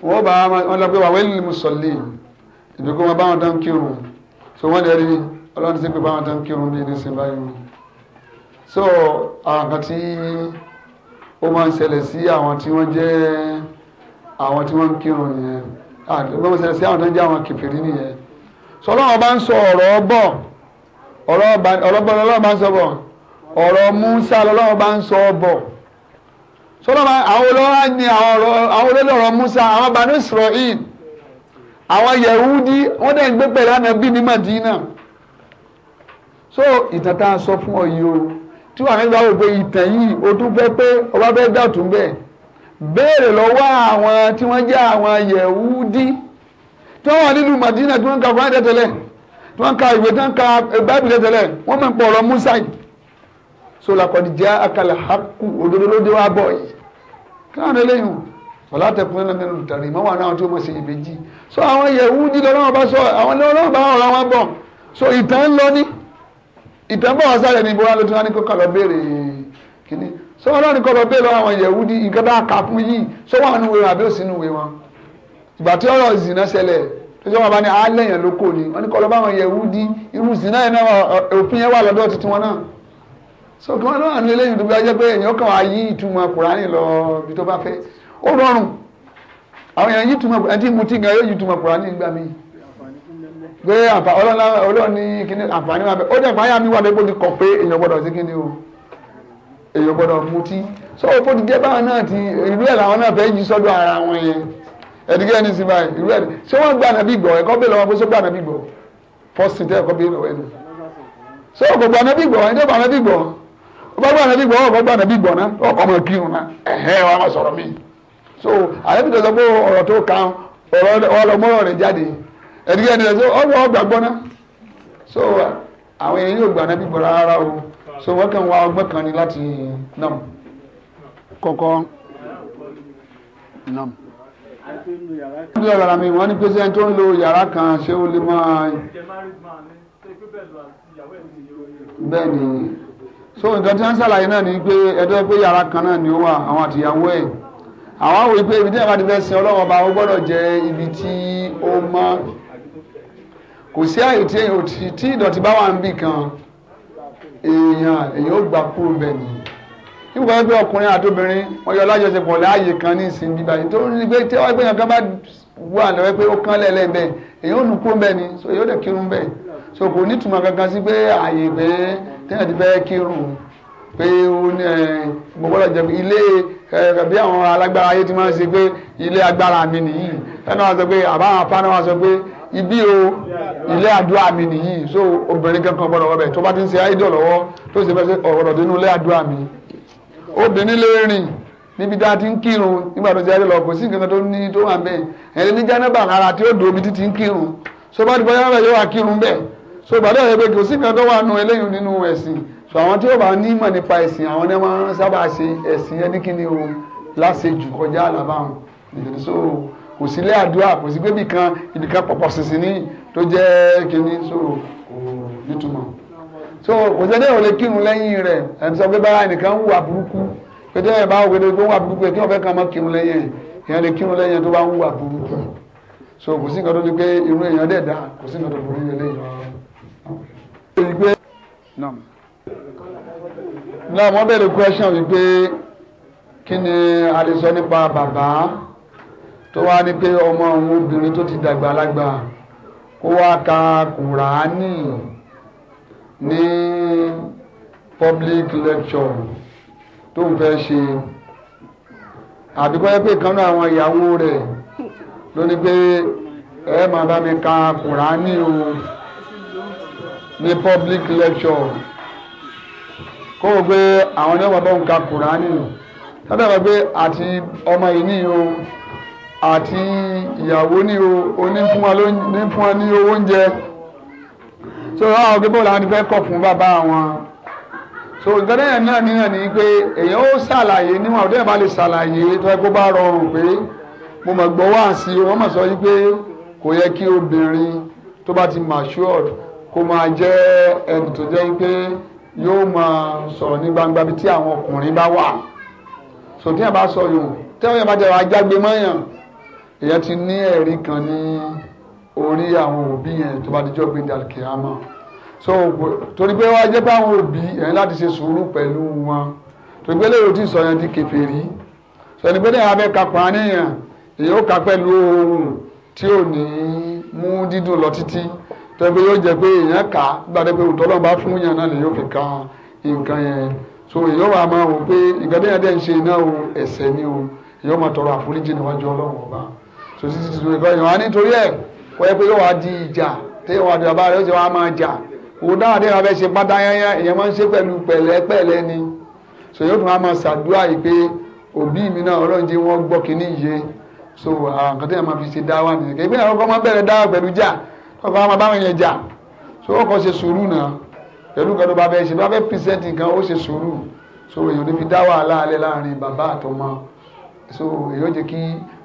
wọn bá wọn lọ pé wà wẹ́lì mùsọ̀lì ìdókòwò wọn bá tán kírun so wọn lè rí ọlọ́run sí pé bá tán kírun ní sin báyìí so àwọn kan tí ó máa ń ṣẹlẹ̀ sí àwọn tí wọ́n jẹ́ àwọn tí wọ́n ń kírun yẹn àgbẹ̀wọ́n ṣẹlẹ̀ sí àwọn tó ń jẹ́ àwọn kìfìrí nìyẹn sọlọ́wọ́n bá ń sọ ọ̀rọ̀ ọbọ̀ ọ̀rọ̀ ọlọ́bọ̀ ọlọ́bọ̀ ń sọ bọ̀ ọ̀rọ̀ Musa lọ́lọ́wọ́ bá ń sọ ọbọ̀ sọlọ́wọ́ àwọn olówó ni àwọn olóòlò ọ̀rọ̀ Musa àwọn banu Israel àwọn Yehudi wọ́n dẹ̀ ń gbé Madina so ìtàn tá a sọ fún ọ yìí o tí wàá nígbà wò pé ìtàn yìí o tún fẹ́ pé ọba fẹ́ dàtún bẹ́ẹ̀ béèrè lọ́wọ́ àwọn tí wọ́n jẹ́ àwọn Madina tí wọ́n ka fún ẹ̀dẹ́tẹ̀lẹ̀ tí wọ́n ka ìwé tí wọ́n ka sọlá kọ́ni jẹ́ akala haku òdodo ló dé wá bọ̀ yìí kíláàdé lẹ́yìn wọ́lá tẹkùn náà nínú ìtàrí mọ́ wà náà tí ó mọ̀ sí ìbejì so àwọn Yẹhudi lọ́wọ́ bá sọ àwọn lọ́wọ́ bá ọ̀rọ̀ wọn bọ̀ so ìtàn ń lọ ní ìtàn bọ̀ wá sáré ní ìbúra ló ti wá ní kọ́kọ́ lọ béèrè kínní so ọlọ́run kọ́ lọ béèrè àwọn Yẹhudi nǹkan bá kà fún yìí so wà nínú ìwé àbí òsínú ìwé wọn ìgbà tí ọ̀rọ̀ ìzìnà ṣẹlẹ̀ tọ́jú wọn bá ní alẹ́yìn lóko ni wọ́n ní kọ́ lọ bá àwọn Yẹhudi irú ìzìnà yẹn náà òfin yẹn wà lọ́dọ̀ tuntun wọn náà so tó máa náà ní eléyìí tó bá jẹ́ pé èèyàn kàn wá yí ìtumọ̀ kùránì lọ bí tó bá fẹ́ ó rọrùn àwọn èèyàn yí ìtumọ̀ ẹni tí mo ti gan yóò yí ìtumọ̀ kùránì gbà mí pé ọlọ́ọ̀ni kíní àǹfààní wà bẹ́ẹ̀ ó dẹ̀ fáyà mi wà bẹ́ẹ̀ bó ti pé èèyàn gbọ́dọ̀ sí kíní o èèyàn gbọ́dọ̀ mutí so ó ti jẹ́ báwọn náà ti ìlú ẹ̀ làwọn náà fẹ́ yí sọ́dọ̀ ara wọn yẹn ẹ̀dígẹ́ ẹni sì báyìí ìlú ẹ̀ ṣé wọ́n gbà nàbí gbọ́ ẹ̀kọ́ bẹ́ẹ̀ lọ́wọ́ bó gbà nàbí gbọ́ first thing tẹ́ ẹ̀kọ́ bẹ́ẹ̀ lọ́wọ́ ẹnu so gbogbo ànábì gbọ́ ẹni tó bá ọba gba nàbí gbọ́ ọba gba nàbí gbọ́ ná ọkọ ọmọ kírun ná ẹ̀hẹ́ wa ma sọ̀rọ̀ mi so àyẹ̀bí tó sọ pé ọ̀rọ̀ tó kan ọ̀rọ̀ ọlọmọ́rọ̀ rẹ̀ jáde ẹ̀dí ẹni rẹ̀ sọ ọgbà ọgbà gbọ́ ná so àwọn èèyàn yóò gba nàbí gbọ́ rárá o so wọ́n kàn wá ọgbọ́n kan ni láti nam kọ̀ọ̀kan nam ní ọ̀rọ̀ mi wọ́n ní pé sẹ́ni tó ń lo yàrá kan ṣé ó lè máa. bẹ́ẹ̀ ni so nǹkan tí wọ́n ń ṣàlàyé náà ni pé ẹjọ́ pé yàrá kan náà ni ó wà àwọn àtìyàwó ẹ̀ àwọn àwọn ìpè ibi tí ẹ̀ka ti fẹ́ sin ọlọ́wọ́ ọba ó gbọ́dọ̀ jẹ́ ibi tí ó mọ́ kò sí àyè tí èèyàn tí ìdọ̀tí bá wà ń bì kan èèyàn èèyàn ó gbà kúrò bẹ́ẹ̀ ni nígbà wípé ọkùnrin àti wọn yọ lájọṣepọ̀ láàyè kan ní ìsìn bíbá yìí tó rí pé tí wọ́n gbé yàn kan bá wà lọ́wọ́ pé ó kán lẹ́lẹ́ bẹ́ẹ̀ èèyàn ò nù kúrò bẹ́ẹ̀ ni so èèyàn ò dẹ̀ kírun bẹ́ẹ̀ so kò nítumọ̀ kankan sí pé àyè bẹ́ẹ̀ téèyàn ti bẹ́ẹ̀ kírun pé ó ní ẹ mo gbọ́dọ̀ jẹ ilé ẹ bí àwọn alágbára ayé ti máa ń ṣe pé ilé agbára mi nìyí ẹnu wa sọ pé àbá apá náà wa sọ pé ibi o ilé àdúrà mi nìyí so obìnrin kankan gbọ́dọ̀ wọbẹ tó bá ti ń ṣe áìdọ̀ lọ́wọ́ tó ṣe fẹ́ ṣe ọ̀rọ̀ dínú ilé àdúrà mi obìnrin lè rìn níbi tá a ti ń kírun nígbà tó ṣe áìdọ̀ lọ kò sí nǹkan tó ní tó wà bẹ́ẹ̀ ẹni ní jánábà lára tí ó dòbi ti ti ń kírun so bá ti bọ́ yàrá so gbàdúrà yẹ pé kò sí nǹkan tó wà nù eléyìí nínú ẹ̀sìn so àwọn tí ó bá ní ìmọ̀ nípa ẹ̀sìn àwọn ni wọ́n sábà ṣe ẹ̀sìn ẹni kíni o láṣejù kọjá àlàbáwọn ìdílé so kò sí ilé àdúrà kò sí gbébì kan ibì kan pọ̀pọ̀ sísìn ní tó jẹ́ kíni so kò nítumọ̀ so kò sẹ́ni ò lè kírun lẹ́yìn rẹ̀ ẹ̀mí sọ pé báyà nìkan wù àbúrúkú pé tẹ́lẹ̀ bá wò pé wà àbúrúkú ẹ̀ kí wọ́n fẹ́ kàn mọ́ kírun lẹ́yìn ẹ̀ èèyàn so kò sí nǹkan tó di pé irú èèyàn dẹ̀ dá wípé náà wọ́n bẹ̀rẹ̀ question wípé kí ni a lè sọ nípa bàbá tó wá ní pé ọmọ òun obìnrin tó ti dàgbà lágbà kó wá ka kùránì ní public lecture tó ń fẹ́ ṣe àbíkọ́ pé kan náà àwọn ìyàwó rẹ̀ ló ní pé ẹ máa bá mi ka kùránì o ní public lecture kó o gbé àwọn ní ọmọ bá ń ka kùránì o sábà wà pé àti ọmọ yìí ní o àti ìyàwó ní o onífún wa ní owó oúnjẹ so àwọn ògbé bọ́ọ̀lù àwọn ti fẹ́ kọ̀ fún bàbá wọn so ìgbẹ́dẹ́yẹ náà nìyẹn ni pé èèyàn ó ṣàlàyé níwọ̀n àbúrò bá lè ṣàlàyé tó ẹ kó bá rọrùn pé mo mọ̀ gbọ́ wá sí i wọ́n mọ̀ sọ yí pé kò yẹ kí obìnrin tó bá ti matured kó máa jẹ́ ẹni tó jẹ́ pé yóò máa sọ̀rọ̀ ní gbangba bí tí àwọn ọkùnrin bá wà sòtíyàn bá sọ yòó tẹ́wọ́n yẹn bá jẹ́ ajágbe mọ́yàn èyàn ti ní ẹ̀rí kan ní orí àwọn òbí yẹn tó bá dijọ́ gbé dàlùkì àmọ́ so torí pé wọ́n á jẹ́ pé àwọn òbí ẹ̀yìn láti ṣe sùúrù pẹ̀lú wọn torí pé lóòótọ́ tí sọ̀yàn di kèfèrí sọ̀yàn pé lẹ́yìn abẹ́ kápá níyàn èyàn ó kà pẹ̀lú ohun tí ò ní mú dídùn lọ títí tẹ́lẹ̀ pé yóò jẹ́ pé èèyàn kà á gbàdé pé òtọ́ lọ́ba fún yàn náà lè yóò fi kan nǹkan yẹn so èèyàn wà máa wò pé nǹkan tó yàn dẹ́ ń ṣe iná o ẹ̀ṣẹ̀ ni o èèyàn máa tọrọ àforíjì níwájú ọlọ́run ọba so títí tí ìgbà yẹn wà nítorí ẹ̀ kọ́ yẹ pé yóò wá di ìjà téèyàn wà dùn abáyọ̀ ṣe wá máa jà òun dáhà dé abẹ́ ṣe pátá yányá èèyàn máa ń ṣe pẹ̀lú pẹ̀lẹ́pẹ̀lẹ́ ni so yóò tún wá máa ṣàdúrà yìí pé òbí mi náà ọlọ́run jẹ́ wọ́n gbọ́ kínní yìí so àwọn kan téèyàn máa fi ṣe dáwà nìyẹn kì í bí àwọn kan máa bẹ̀rẹ̀ dáwà pẹ̀lú jà ọba àwọn abáwọn yẹn jà so ó kọ́ ṣe sùúrù náà pẹ̀lú nǹkan tó bá fẹ́ ṣe bá fẹ́ pírísẹ́ǹtì nǹkan ó ṣe sùúrù so èèyàn níbi dá wàhálà alẹ́ láàrin bàbá àtọmọ so èèyàn jẹ́ kí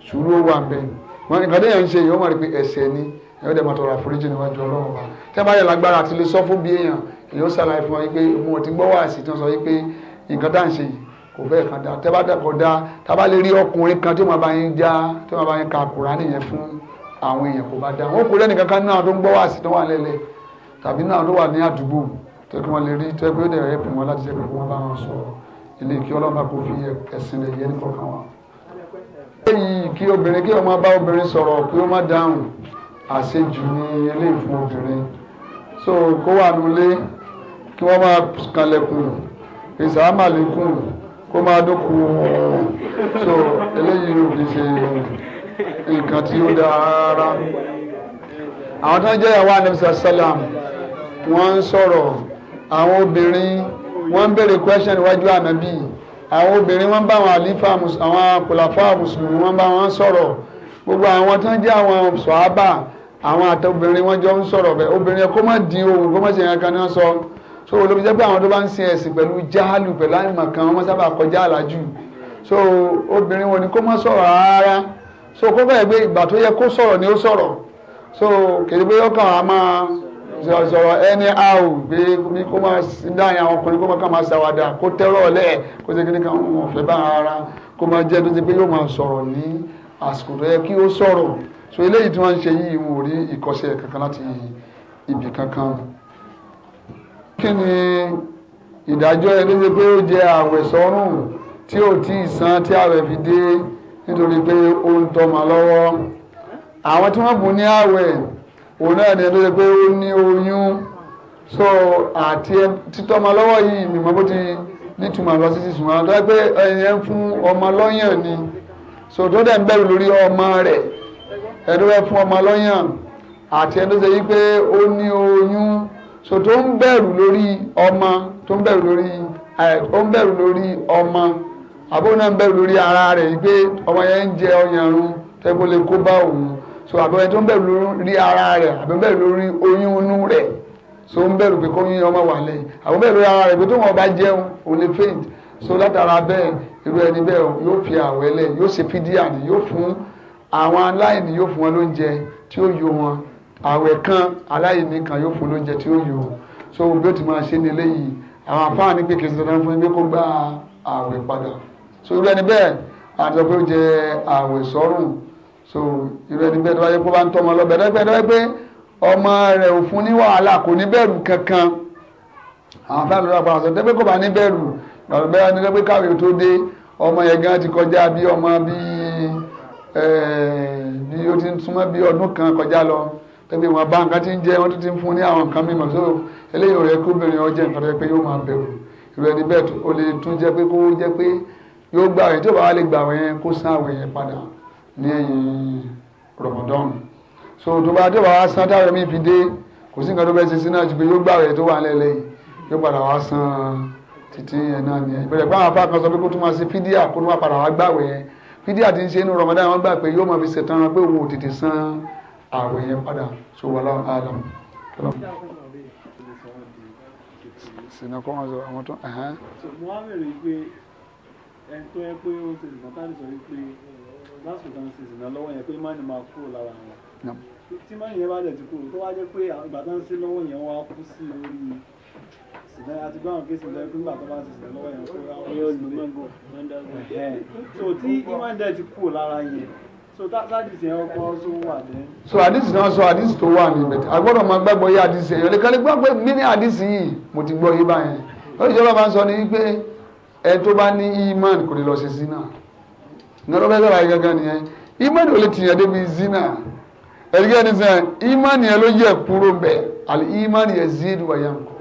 sùúrù ó wà bẹ́ẹ̀ wọn nǹkan tó yẹn ń ṣe èèyàn mọ̀ pé ẹ̀ṣẹ̀ ni èèyàn dẹ̀ mọ̀ àforíjì níwájú ọlọ́run wa tẹ́ bá yẹ lágbára àti lè sọ fún bí èèyàn èèyàn ṣàlàyé fún wọn pé mo ti gbọ́ wàásì tí wọ́n sọ pé nǹkan tá à ń ṣe yìí kò bẹ́ẹ̀ kan dáa tẹ́ bá dẹ́kọ̀ dáa tá a bá lè rí ọkùnrin kan tí wọ́n bá yín já tí wọ́n bá yín ka kùránì yẹn fún àwọn èèyàn kò bá dá wọn kò lẹ́nu kankan náà tó ń gbọ́ wá sí tó wà lẹ́lẹ̀ tàbí náà tó wà ní àdúgbò tó kí wọ́n lè rí tó ẹgbẹ́ òde rẹ̀ pè wọ́n láti ṣe pé wọ́n bá wọn sọ ilé kí ọlọ́mà kò fi ẹ̀sìn rẹ̀ yẹ ní kọ̀ọ̀kan wa. lẹ́yìn kí obìnrin kí ọmọ bá obìnrin sọ̀rọ̀ kí ó má dáhùn àṣejù ní ilé ìfún obìnrin so kó wà nulẹ̀ kí wọ́n máa kanlẹ̀kùn ìsàmàlẹ̀kùn kó máa dókun so eléyìí ò nǹkan tí ó dáa rárá àwọn tó ń jẹ́ ìyàwó anamisa salam wọ́n ń sọ̀rọ̀ àwọn obìnrin wọ́n ń béèrè question níwájú ànábì àwọn obìnrin wọ́n ń bá àwọn àlífà àwọn kòlàfà mùsùlùmí wọ́n ń bá wọn sọ̀rọ̀ gbogbo àwọn tó ń jẹ́ àwọn sọ̀hábà àwọn àtọ́bìnrin wọ́n jọ ń sọ̀rọ̀ bẹ́ẹ̀ obìnrin yẹn kó má di ohun kó má ṣe nǹkan kan ní wọ́n sọ so olóbi jẹ́ pé àwọn tó bá ń sin ẹ̀sìn pẹ̀lú jáàlù pẹ̀lú àìmọ̀kan wọ́n sábà kọjá àlájù so obìnrin wọn ni kó má sọ̀rọ̀ rárá so kó bẹ́ẹ̀ gbé ìgbà tó yẹ kó sọ̀rọ̀ ni ó sọ̀rọ̀ so kèrè pé ọkàn á máa sọ̀rọ̀ ẹni a ò gbé ní kó máa dáhìn àwọn ọkùnrin kó máa kàn máa ṣàwádà kó tẹ́rọ̀ ọ̀lẹ́ kó ṣe kíní kan wọn fẹ́ bá ara kó máa jẹ́ tó ṣe pé yóò máa sọ̀rọ̀ ní àsìkò tó yẹ kí ó sọ̀rọ̀ so eléyìí tí wọ́n ń ṣe yìí wọn ò rí ìkọ́ṣẹ́ kankan láti ibì kankan. kí ni ìdájọ́ ẹni tó ṣe pé ó jẹ àwẹ̀ tí ò tí san tí àwẹ̀ fi dé nítorí pé ó ń tọ́mọ lọ́wọ́ àwọn tí wọ́n bù ní àwẹ̀ òun náà ni ẹni pé ó ní oyún so àti títọ́mọ lọ́wọ́ yìí mímọ́ bó ti nítumọ̀ lọ sí sísun àwọn tó yẹ pé ẹyẹ fún ọmọ lọ́yàn ni so tó dẹ̀ ń bẹ̀rù lórí ọmọ rẹ̀ ẹni tó yẹ fún ọmọ lọ́yàn àti ẹni tó pé ó ní oyún so tó ń bẹ̀rù lórí ọmọ tó ń bẹ̀rù lórí ọmọ àbó náà ń bẹ̀rù lórí ara rẹ̀ pé ọmọ yẹn ń jẹ ọyànrún tẹ́gbó lè kó bá òun so àbẹ̀wò tó ń bẹ̀rù lórí ara rẹ̀ àbẹ̀wò bẹ̀rù lórí oyún inú rẹ̀ so ń bẹ̀rù pé kóyún ọmọ wà lẹ́yìn àbẹ̀wò bẹ̀rù lórí ara rẹ̀ pé tó wọn bá jẹun ò lè faint so látara bẹ́ẹ̀ irú ẹni bẹ́ẹ̀ yóò fi àwẹ̀ lẹ̀ yóò ṣe fídíà ni yóò fún àwọn aláìní yóò fún wọn lóúnjẹ tí ó yó wọn àwẹ̀ kan aláìní kan yóò fún lóúnjẹ tí ó yó so bí ó ti máa ṣe ní eléyìí àwọn afáàní pé kìí ṣe dandan fún ẹgbẹ́ kó gba àwẹ̀ padà so irú ẹni bẹ́ẹ̀ àti ọ̀pẹ́ ó àwẹ̀ sọ́rùn so irú ẹni bẹ́ẹ̀ tó bá yẹ kó bá ń tọ́mọ lọ́bẹ̀ dẹ́gbẹ́ dẹ́gbẹ́ ọmọ rẹ̀ ò fún ní wàhálà kò ní bẹ̀rù kankan àwọn fáwọn olùdókòwò àṣọ dẹ́gbẹ́ kò bá ní bẹ̀rù gbàgbẹ́ ẹni dẹ́gbẹ́ káwé tó dé ọmọ yẹn gan ti kọjá bí ọmọ bí bí ó ti súnmọ́ bí ọdún kan kọjá lọ tẹ́gbẹ́ wọn bá nǹkan ti ń jẹ wọ́n ti ń fún ní àwọn nǹkan mímọ̀ so eléyìí ò rẹ kó obìnrin ọjẹ́ nǹkan tó pé yóò máa bẹ̀rù ìrẹ́ni bẹ́ẹ̀ ó lè tún jẹ́ pé kó jẹ́ pé yóò gba àwẹ̀ tí ó bá wá lè gba àwẹ̀ yẹn kó san àwẹ̀ yẹn padà ní ẹ̀yìn rọ̀mọ̀dọ́n so tó bá tó bá wá san táwọn ẹ̀mí fi dé kò sí nǹkan tó bẹ́ẹ̀ ṣe sí náà ju pé yóò gba àwẹ̀ tó wà lẹ́lẹ́ yìí yóò padà wá san títí yẹn náà ni ìbẹ̀rẹ̀ pé àwọn apá kan sọ pé kó tún máa ṣe fídíà kó tún máa padà wá gbàwẹ̀ yẹn fídíà ti ń ṣe inú rọ̀mọ̀dọ́n àwọn gbà pé yóò máa fi so wàlá àlàm ẹni tó yẹ pé ó ti dùnà táàdì sọ wípé lásìkò tó ń ṣe ìsìnà lọ́wọ́ yẹn pé má ni máa kúrò lára wọn tí má yẹn bá dẹ̀ ti kúrò tó wá jẹ́ pé ìgbà tó ń ṣe lọ́wọ́ yẹn wá kú sí orí ìsìnà àti gbọ́n kí ìsìnà pé nígbà tó bá ṣe ìsìnà lọ́wọ́ yẹn kó rà wọ́n tí ìmọ̀ dẹ̀ ti kúrò lára yẹn so that hadith yẹn ọkọ so hadith náà sọ hadith tó wà ní bẹ̀tẹ̀ agbọ́dọ̀ máa gbàgbọ́ yé hadith yẹn ọ̀lẹ́kànlẹ́ gbàgbọ́ mi ní hadith yìí mo ti gbọ́ yé báyẹn ó ẹ tó bá ní imán kò lè lọ ṣe zina nínú ọbẹ̀ sọ̀rọ̀ ayé gangan nìyẹn imán ò lè tìyàn débi zina ẹ̀rí ẹni sẹ́n imán yẹn ló yẹ kúrò bẹ́ẹ̀ àlè imán yẹn zid wà yẹn kò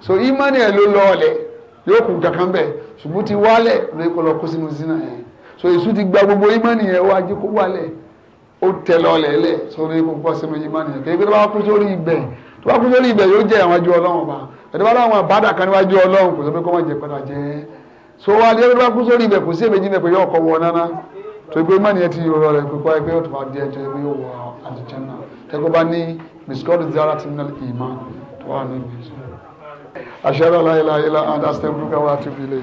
so imán yẹn ló lọ ọ̀lẹ̀ yóò kù kankan bẹ́ẹ̀ ṣùgbọ́n ti wálẹ̀ ló yẹ kó lọ kó sínú zina yẹn so èṣù ti gba gbogbo imán yẹn wá jẹ́ kó wálẹ̀ ó tẹ lọ́ọ̀lẹ̀ lẹ̀ so ló yẹ kó bọ́ sínú imán yẹn kéèké tó bá kú sórí ibẹ̀ tó bá kú sórí ibẹ̀ yóò jẹ́ àwọn ajú ọlọ́run ọba ẹ̀dọ́ bá láwọn so wá dé lọ́dún bá kú sórí ibẹ̀ kò sí èméjì náà pé yóò kọ́ wọ nánà tó gbé mọ́ni ẹ ti rọrọ rẹ pípa ẹgbẹ́ ọ̀tún bá díẹ̀ tó ẹgbẹ́ wọ àdìjẹ́ náà tẹ́kọ̀ bá ní miskọ́lù zara ti nílẹ̀ ìmọ̀ tó wà ní ìgbésẹ̀. àṣẹ àlọ́ láyé láyé láyé àdásítẹ́ burúkú àwọn àtúbílẹ̀.